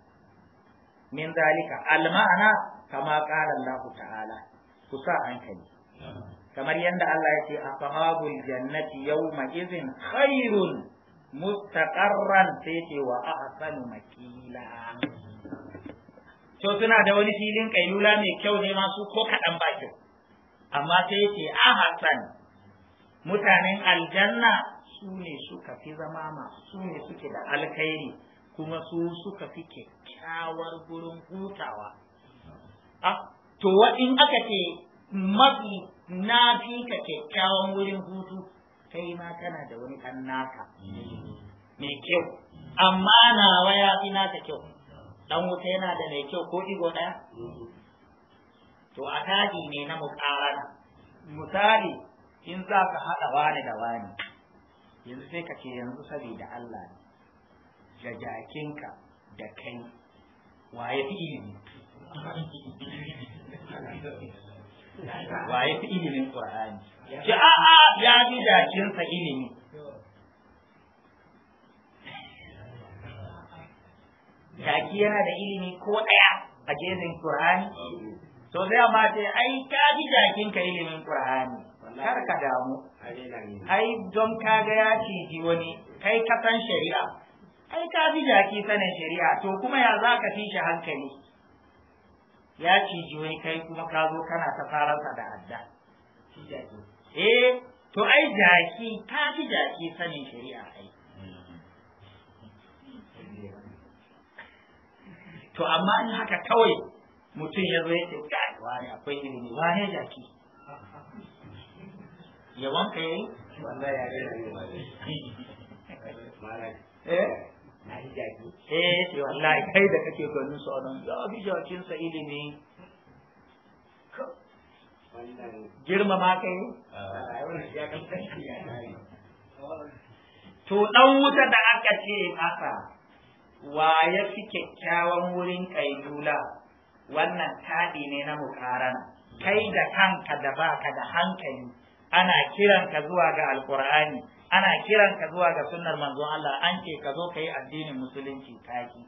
min zalika almana kama qala Allah ta'ala ku sa hankali kamar yadda Allah ya ce jannati yawma idhin khairun mustaqarran sai wa ahsanu makila to suna da wani filin kailula mai kyau ne masu ko kaɗan ba kyau amma sai ce ahsan mutanen aljanna su ne suka fi zama masu su ne suke da alkhairi kuma su suka fi kyakkyawar gurin hutawa ah. Ah, to in aka ce mafi na fi ka kyakkyawan wurin hutu kai ma kana da wani ɗan naka mai kyau amma nawa ya fi naka kyau dan wuta yana da mai kyau ko igo ɗaya to a tadi ne na mukarana misali in za ka haɗa wani da wani yanzu sai ka ce yanzu saboda Allah ne da jakinka da kai waye fi ilimi waye fi ilimin qur'ani ki a'a ya ji jakinsa ilimi jaki yana da ilimi ko ɗaya a gefen qur'ani to sai amma ce ai ka ji jakinka ilimin qur'ani kar ka damu ai don ka ga ya ciji wani kai ka san shari'a ai ka fi jaki sanin shari'a to kuma ya za ka fi shi hankali ya ciji wai kai kuma ka zo kana ta faransa da adda eh to ai jaki ka fi jaki sanin shari'a ai to amma in haka kawai mutum ya zo ya ce kai wani akwai ilimi wani jaki ya wanka yayi wallahi ya eh eh wallahi kai da kake ganin su anan ya fi jakin sa ilimi girma ma kai to dan wuta da aka ce masa wa ya fi kyakkyawan wurin kailula wannan taɗi ne na mukarana kai da kanka da baka da hankali ana kiranka zuwa ga alkur'ani ana kiran ka zuwa ga sunnar manzon Allah an ce ka zo ka yi addinin musulunci kaki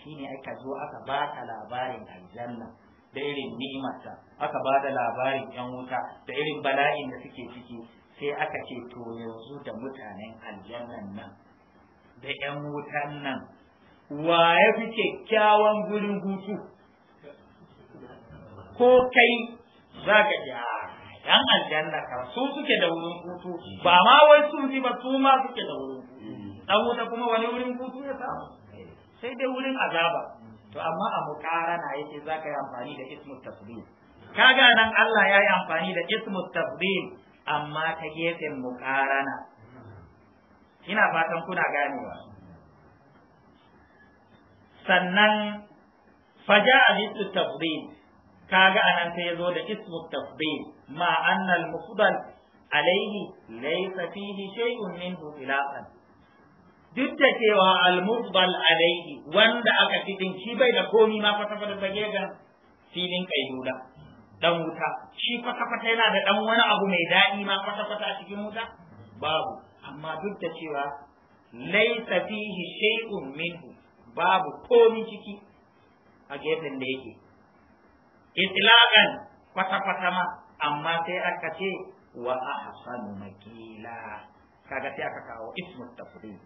shine ai ka zo aka ba ka labarin aljanna da irin ni'imarta aka ba da labarin yan wuta da irin bala'in da suke ciki sai aka ce to yanzu da mutanen aljannan nan da yan wutan nan wa ya fi kyakkyawan gurin hutu ko kai za ka ji ah, yan aljanna kan su suke da wurin hutu ba ma wai su ji ba su ma suke da wurin dan wuta kuma wani wurin hutu ya samu sai dai wurin azaba to amma a muqarana yake zaka yi amfani da ismu tasbih kaga nan Allah ya yi amfani da ismu tasbih amma ta gefen mukarana. ina fatan kuna ganewa sannan faja a bisu tasbih kaga anan sai ya zo da ismu tasbih ma annal muqbal alaihi laysa fihi shay'un minhu khilafan duk da cewa al-muqbal alaihi wanda aka fitin shi bai da komi ma kwata kwata ta gegan filin kailula dan wuta shi kwata kwata yana da dan wani abu mai daɗi ma kwata kwata a cikin wuta babu amma duk da cewa laysa fihi shay'un minhu babu komi ciki a gefen da yake itlaqan kwata kwata ma amma sai aka ce wa ahsanu makila kaga sai aka kawo ismu tafdil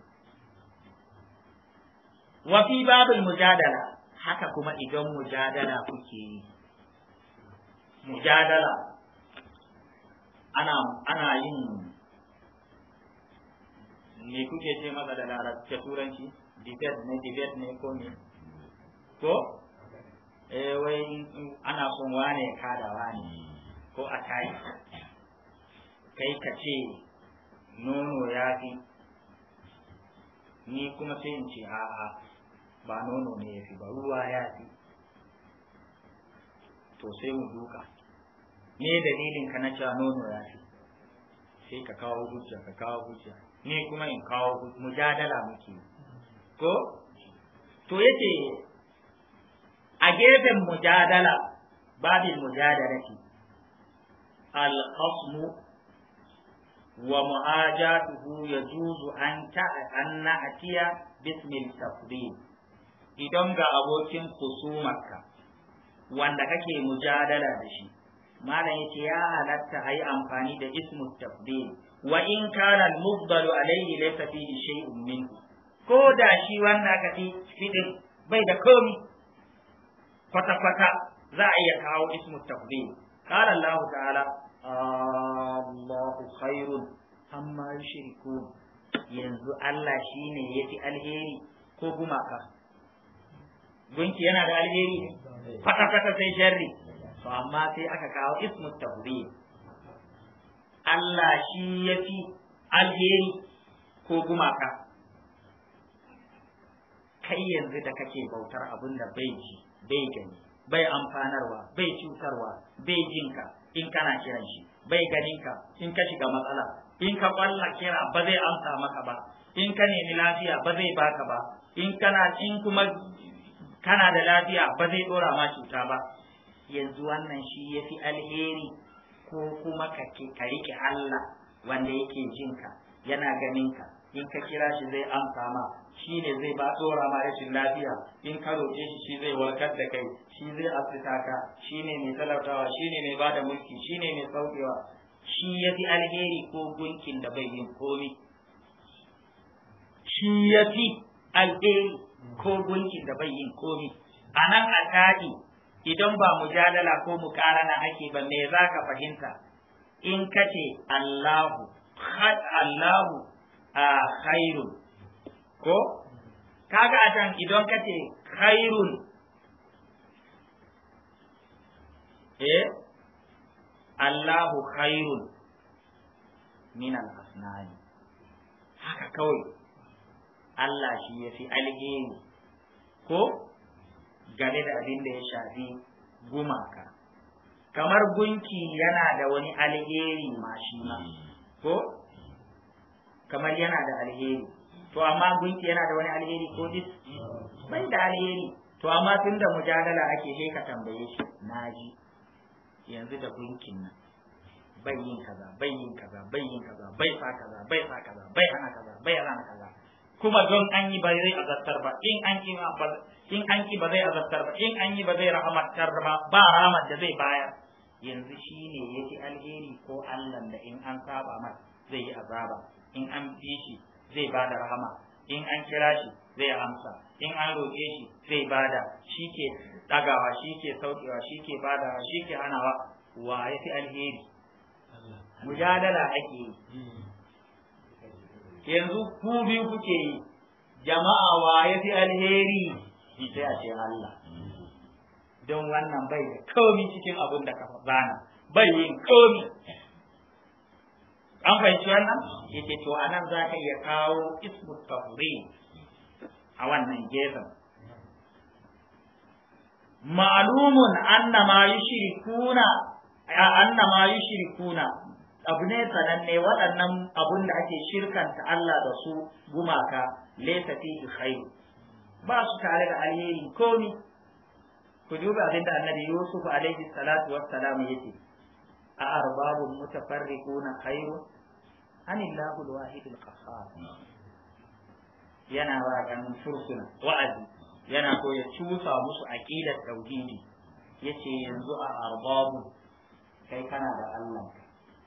wa fi babul mujadala haka kuma idan mujadala kuke yi mujadala ana ana yin me kuke ce maza da larabci turanci debate ne debate ne ko ne to eh wai ana son wane kada wane ko a tayi kai ka ce nono ya fi ni kuma sai in ce a'a ba nono ne ya fi ba ruwa ya fi to sai mu duka me dalilin ka na cewa nono ya fi sai ka kawo hujja ka kawo hujja ni kuma in kawo mujadala muke ko to yake a gefen mujadala babin ne الخصم ومعاجاته يجوز أن أن نأتي باسم التفضيل idan ga abokin kusumarka wanda kake mujadala da shi malam yace ya halatta a amfani da ismu tafdil wa in kana al-mufdalu alayhi laysa fihi shay'un min ko da shi wannan aka fi bai da komi kwata kwata za a iya kawo ismu qala Allah ta'ala Allahu khairun amma yushrikun yanzu Allah shine yafi alheri ko gumaka gunki yana da alheri kwata kwata sai sharri to amma sai aka kawo ismu tawbih Allah shi yafi alheri ko gumaka kai yanzu da kake bautar abin da bai gani bai amfanarwa bai cutarwa bai jinka in kana kiran shi bai ganinka in ka shiga matsala in ka kwalla kira ba zai amsa maka ba in ka nemi lafiya ba zai baka ba in kana in kuma kana da lafiya ba zai dora ma cuta ba yanzu wannan shi ya fi alheri ko kuma ka riƙe Allah wanda yake jinka yana ganinka in ka kira shi zai amsa ma shi ne zai ba tsora ma rashin lafiya in ka roƙe shi shi zai warkar da kai shi zai asita ka shi ne mai talautawa shi ne mai bada mulki shi ne mai saukewa shi ya fi alheri ko gunkin da bai yin komi shi ya fi alheri ko gunkin da bai yin komi a nan a idan ba mujadala ko mukarana ake ba me za ka fahimta in ka ce Allahu Allahu a khairun ko kaga a can idan kace khairun eh Allahu khairun min al-asnani haka kawai Allah shi ya fi alheri ko game da abin da ya shafi gumaka kamar gunki yana da wani alheri ma shi ma mm. ko kamar yana da alheri to amma gunki yana da wani alheri ko dis bai da alheri to amma tun da mujadala ake sai ka tambaye shi ji yanzu da gunkin nan bai yin kaza bai yin kaza bai yin kaza bai fa kaza bai fa kaza bai hana kaza bai hana kaza kuma don an yi ba zai azabtar ba in an ki ba in an ki ba zai azabtar ba in an yi ba zai rahmatar ba ba rahmat da zai bayar yanzu shine yafi alheri ko Allah da in an saba masa zai yi azaba in an bi shi zai bada rahama in an kira shi zai amsa in an roƙe shi zai bada shi ke ɗagawa shi ke sauƙewa shi ke badawa shi ke hanawa wa ya fi alheri mujadala ake yi yanzu ku biyu kuke yi jama'a wa ya fi alheri sai a ce Allah don wannan bai da komi cikin abin da ka zana bai yin komi an fahimci wannan yace to anan za ka iya kawo ismu tafri a wannan gefen ma'lumun anna ma yushrikuna anna ma yushrikuna abu ne sananne waɗannan abun da ake shirkanta Allah da su gumaka laysa fihi khairu ba su tare da alheri ni? ku duba abin da annabi Yusuf alaihi salatu wassalam yake a arbabun mutafarriquna haihu. anillahu alwahidul qahhar yana ba ganin fursuna wa'azi yana so ya cusa musu aqidar tauhidi yace yanzu a arbabu kai kana da Allah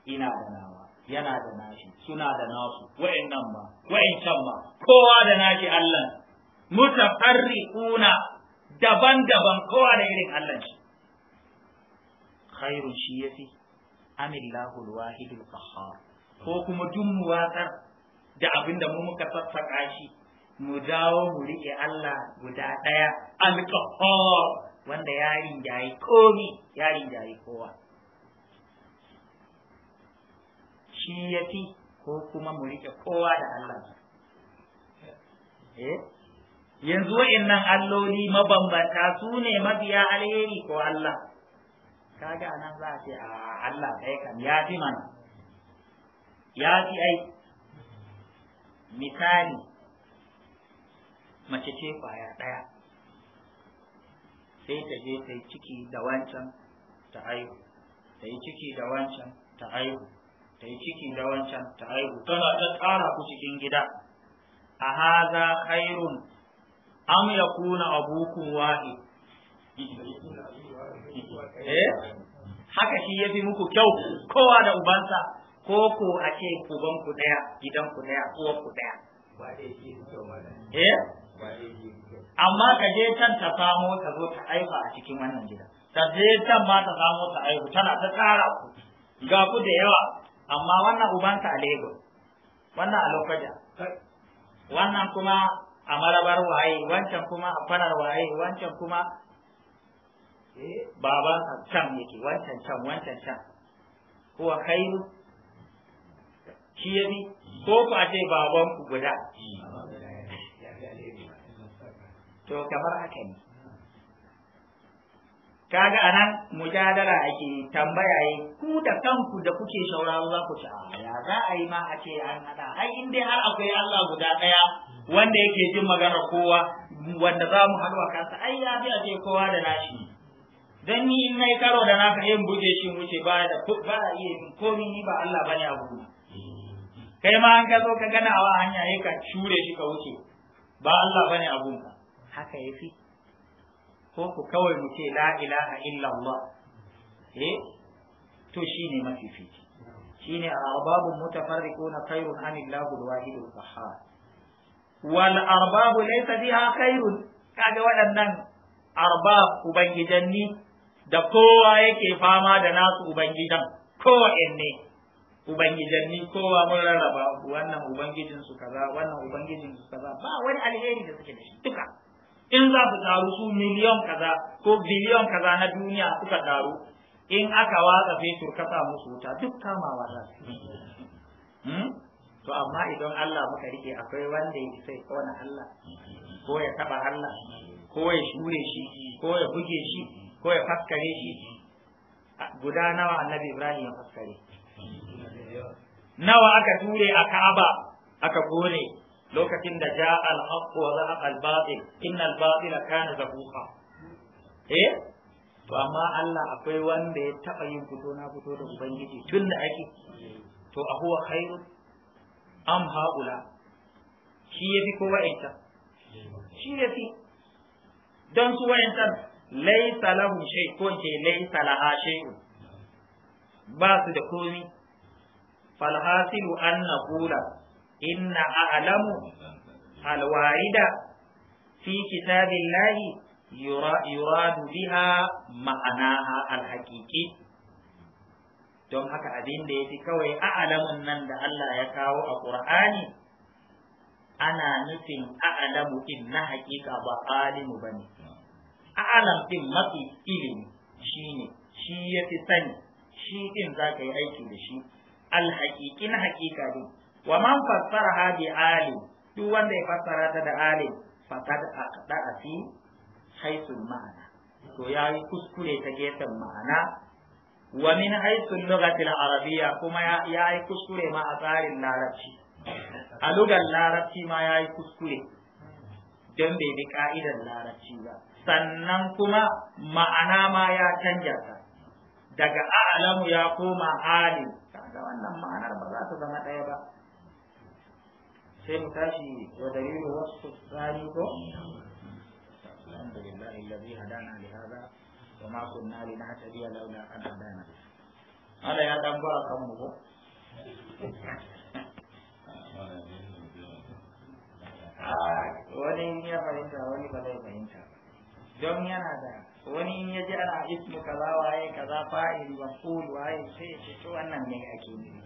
ina da nawa yana da nashi suna da nasu wa'annan ma wa'ancan ma kowa da nashi Allah mutafarriquna daban-daban kowa da irin Allah shi khairun shi yafi amillahu alwahidul qahhar ko kuma duk mu watsar da abin da mu muka sassaka shi mu dawo mu riƙe Allah guda ɗaya alƙahor wanda ya rinjaye komi ya rinjaye kowa shi ya fi ko kuma mu riƙe kowa da Allah eh yanzu nan alloli mabambanta su ne mafiya alheri ko Allah kaga anan za a ce a ah, Allah kai kam ya fi mana ya fi ai misali mace ce kwaya ɗaya sai ta je ta yi ciki da wancan ta haihu ta yi ciki da wancan ta haihu ta yi ciki da wancan ta haihu tana ta tsara ku cikin gida a haza khairun am yakuna abukum wahi eh haka shi yafi muku kyau kowa da ubansa ko ko a ce kuban ku daya gidan ku daya ko ku daya eh amma ka je can ta samo ta zo ta aifa a cikin wannan gida ta je can ma ta samo ta aihu tana ta tsara ku ga ku da yawa amma wannan ubanta a Lagos wannan a Lokaja wannan kuma a marabar waye wancan kuma a farar waye wancan kuma eh? baban can yake wancan can wancan can kuwa kai. shi ya bi ko ku a ce baban ku guda to kamar haka ne kaga anan mujadala ake tambaya yi ku da kanku da kuke shauraro za ku ci ah, ya za a yi ma a ce an hada ai in dai har akwai Allah guda daya wanda yake jin magana kowa wanda za mu haɗu a kansa ai ya fi a ce kowa da nashi don ni in na yi karo da naka yin buge shi mu ce ba da ba iya yin komi ni ba Allah bane a gudu kai ma an gazo ka gana a hanya ya ka shure shi ka wuce ba Allah bane abun ka haka ya fi. ko ku kawai mu ce la ilaha illa Allah eh to shi Shi ne shine mafifici shine arbabun mutafarriquna khairun an Allah al-wahid al-qahhar wal arbabu laysa biha khairun kaga waɗannan arbab ubangijanni da kowa yake fama da nasu ubangijan kowa ne ubangijanni kowa mun rarraba wannan ubangijin su kaza wannan ubangijin su kaza ba wani alheri da suke da shi duka in za su taru su miliyon kaza ko biliyon kaza na duniya suka taru in aka watsa fetur kasa musu wuta duk kamawa za su hmm? to amma idan Allah muka rike akwai wanda ya sai kona Allah ko ya taba Allah ko ya shure shi ko ya buge shi ko ya faskare shi guda nawa annabi Ibrahim ya faskare nawa aka ture a Ka'aba aka gone lokacin da ja al-haqq wa zahaqa al-batil inna al-batila kana zahuqa eh to amma Allah akwai wanda ya taba yin fito na fito da ubangiji tun da ake to a huwa khairu am haula shi yafi ko wa'inta shi yafi don su wa'intan laisa lahum shay ko ce laisa laha shay'un ba su da komi falhasilu an na kula inna a'lamu alwarida fi kitabillahi yuradu biha ma'anaha alhaqiqi don haka abin da ya fi kawai a'alamun nan da Allah ya kawo a ƙur'ani ana nufin a'alamu din na haƙiƙa ba alimu ba ne Alam ɗin mafi ilimi shi ne shi ya fi sani shi ɗin za ka yi aiki da shi alhaƙiƙi na haƙiƙa ne wa man fassara ha bi alim duk wanda ya fassara ta da alim faqad aqda fi haythu ma'ana to yayi kuskure ta gefen ma'ana wa min haythu lughati al-arabiyya kuma yayi kuskure ma a tsarin larabci a lugar larabci ma yayi kuskure don bai bi ka'idar larabci ba sannan kuma ma'ana ma ya canja daga a'lamu ya koma alim wannan ma'anar ba za ta zama ɗaya ba sai mu tashi wa dalilu wasu tsari ko alhamdulillahi allazi hadana wa ma ko wani ya fahimta wani ba zai fahimta don yana da wani ya ji ana ismu kaza waye kaza fa'il maf'ul waye sai ya ce to wannan ne ake yi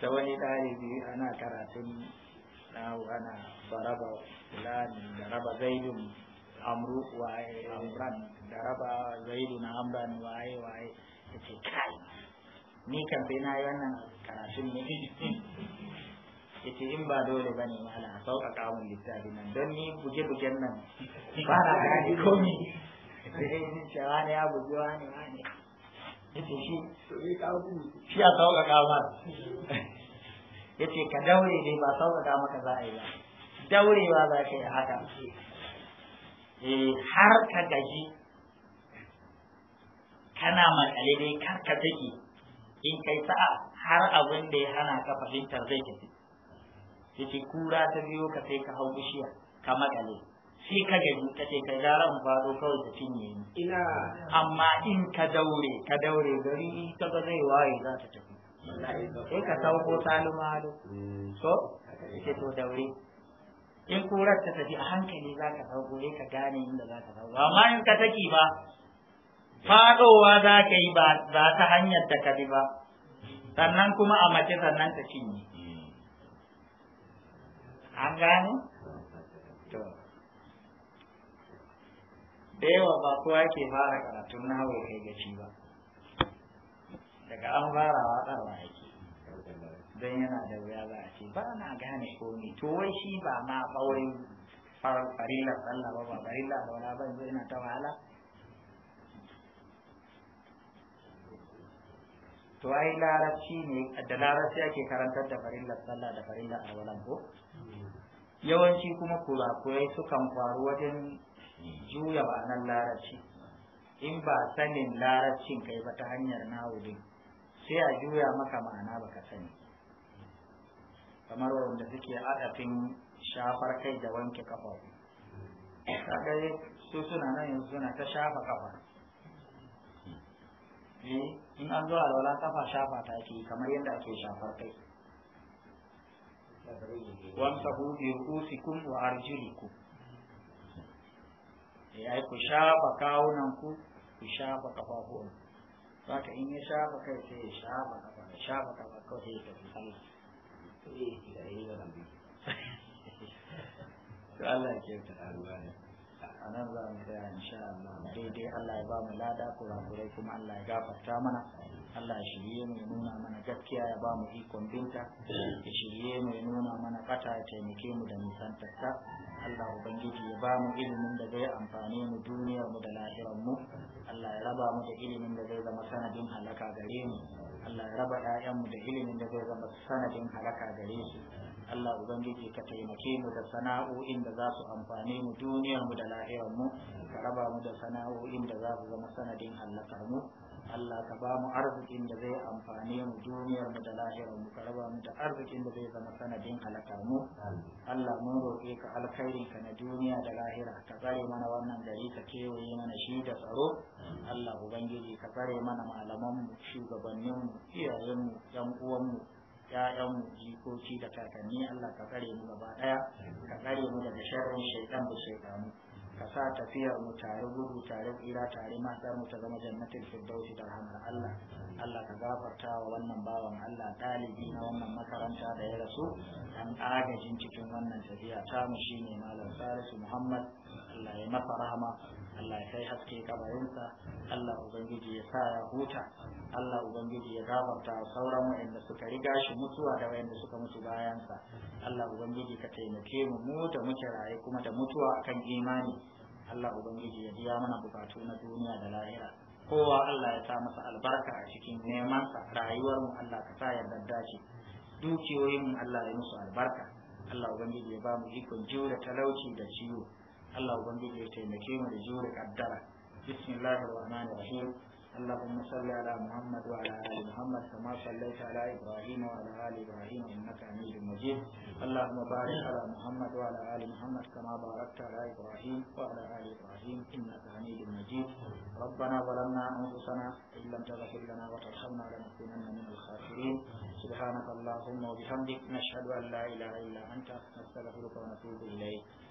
da wani ɗalibi ana karatun na ana baraba fulani da raba zaidun amru waye amran da raba zaidun amran waye waye ya ce kai ni kan sai na yi wannan karatun ne yace in ba dole bane malam a sauƙaƙa mun littafin nan don ni buge-bugen nan ba na gane komi sai in ce wani ya buge wani wani yace shi shi a sauƙaƙa ma yace ka daure ne ba sauƙaƙa maka za a yi ba daurewa za ka yi haka eh, har ka gaji kana makale dai kar ka take in kai sa'a har abin da ya hana ka fahimtar zai tafi yace kura ta biyo ka sai ka hau bishiya ka makale sai ka gani ka ce ka gara in fado kawai ta cinye ni ina amma in ka daure ka daure gari ta ba zai waye za ta tafi sai ka sauko talumalo mm. so yace to daure in kurar ta tafi a hankali za ka sauko sai ka gane inda za ka sauko amma in ka saki ba fadowa za ka yi ba za ta hanyar da ka bi ba sannan kuma a mace sannan ta cinye an gane to da yawa ba kowa ke fara karatun na hawa kai gaci ba daga an fara watsarwa yake don yana da wuya za ce ba na gane komi to wai shi ba ma ɓaurin farila sallah ba ba ta wahala to larabci ne da larabci ake karantar da farillar da farillar ko yawanci kuma kurakurai sukan faru wajen juya ma'anar larabci in ba sanin larabcin kai ba ta hanyar na'udin sai a juya maka ma'ana baka sani kamar wanda suke adafin shafar kai da wanke kafa kaga su suna nan yanzu suna ta shafa kafa eh, in an zo alwala kafa shafa ta ke kamar yadda ake shafar kai wamsahu bi rusikum wa arjulikum ya eh, ku shafa kawunan ku ku shafa kafafuwan zaka in ya shafa kai sai ya shafa kafa ya shafa kafa kawai sai ya tafi sallah eh, to Allah ya kiyata ruwa ne anan nan za mu tsaya insha Allah daidai Allah ya ba mu lada kurakurai kuma Allah ya gafarta mana Allah ya shirye mu ya nuna mana gaskiya ya ba mu ikon binta ya shirye mu ya nuna mana fata ya taimake mu da nisantarta Allah ubangiji ya ba mu ilimin da zai amfane mu duniyar mu da lahirar mu Allah ya raba mu da ilimin da zai zama sanadin halaka gare mu Allah ya raba mu da ilimin da zai zama sanadin halaka gare su Allah ubangiji ka taimake mu da sana'o'in da za su amfane mu duniyar mu da lahirar mu ka raba mu da sana'o'in da za su zama sanadin halakar mu Allah ka ba mu arzikin da zai amfane mu duniyar mu da lahirar mu ka raba mu da arzikin da zai zama sanadin halakar mu Allah mun roƙe ka alkhairin ka na duniya da lahira ka tsare mana wannan gari ka kewaye mana shi da tsaro Allah ubangiji ka tsare mana malaman mu shugabannin mu iyayen mu yan uwan mu ƴaƴan jikoki da kakanni Allah ka tsare mu gaba ɗaya ka tsare mu daga sharrin shaiɗan da mu. ka sa tafiyar mu tare gudu tare tsira tare matar mu ta zama jannatin firdausi da rahmar Allah Allah ka gafarta wa wannan bawan Allah dalibi na wannan makaranta da ya rasu an agajin cikin wannan tafiya ta mu shine malam Salisu Muhammad Allah ya masa rahama Allah ya kai haske kabarinsa Allah ubangiji ya sa ya huta Allah ubangiji ya gafarta sauran waɗanda suka riga shi mutuwa da wa'anda suka mutu bayansa Allah ubangiji ka taimake mu mu da muke raye kuma da mutuwa akan imani Allah ubangiji ya biya mana bukatu na duniya da lahira kowa Allah ya sa masa albarka a cikin neman sa rayuwar mu Allah ka sa ya dace dukiyoyin mu Allah ya musu albarka Allah ubangiji ya ba mu ikon da talauci da ciwo الله ubangiji ya taimake mu بسم الله الرحمن الرحيم اللهم صل على محمد وعلى ال محمد كما صليت على ابراهيم وعلى ال ابراهيم انك حميد مجيد اللهم بارك على محمد وعلى ال محمد كما باركت على ابراهيم وعلى ال ابراهيم انك حميد مجيد ربنا ظلمنا انفسنا ان لم تغفر لنا وترحمنا لنكونن من الخاسرين سبحانك اللهم وبحمدك نشهد ان لا اله الا انت نستغفرك ونتوب اليك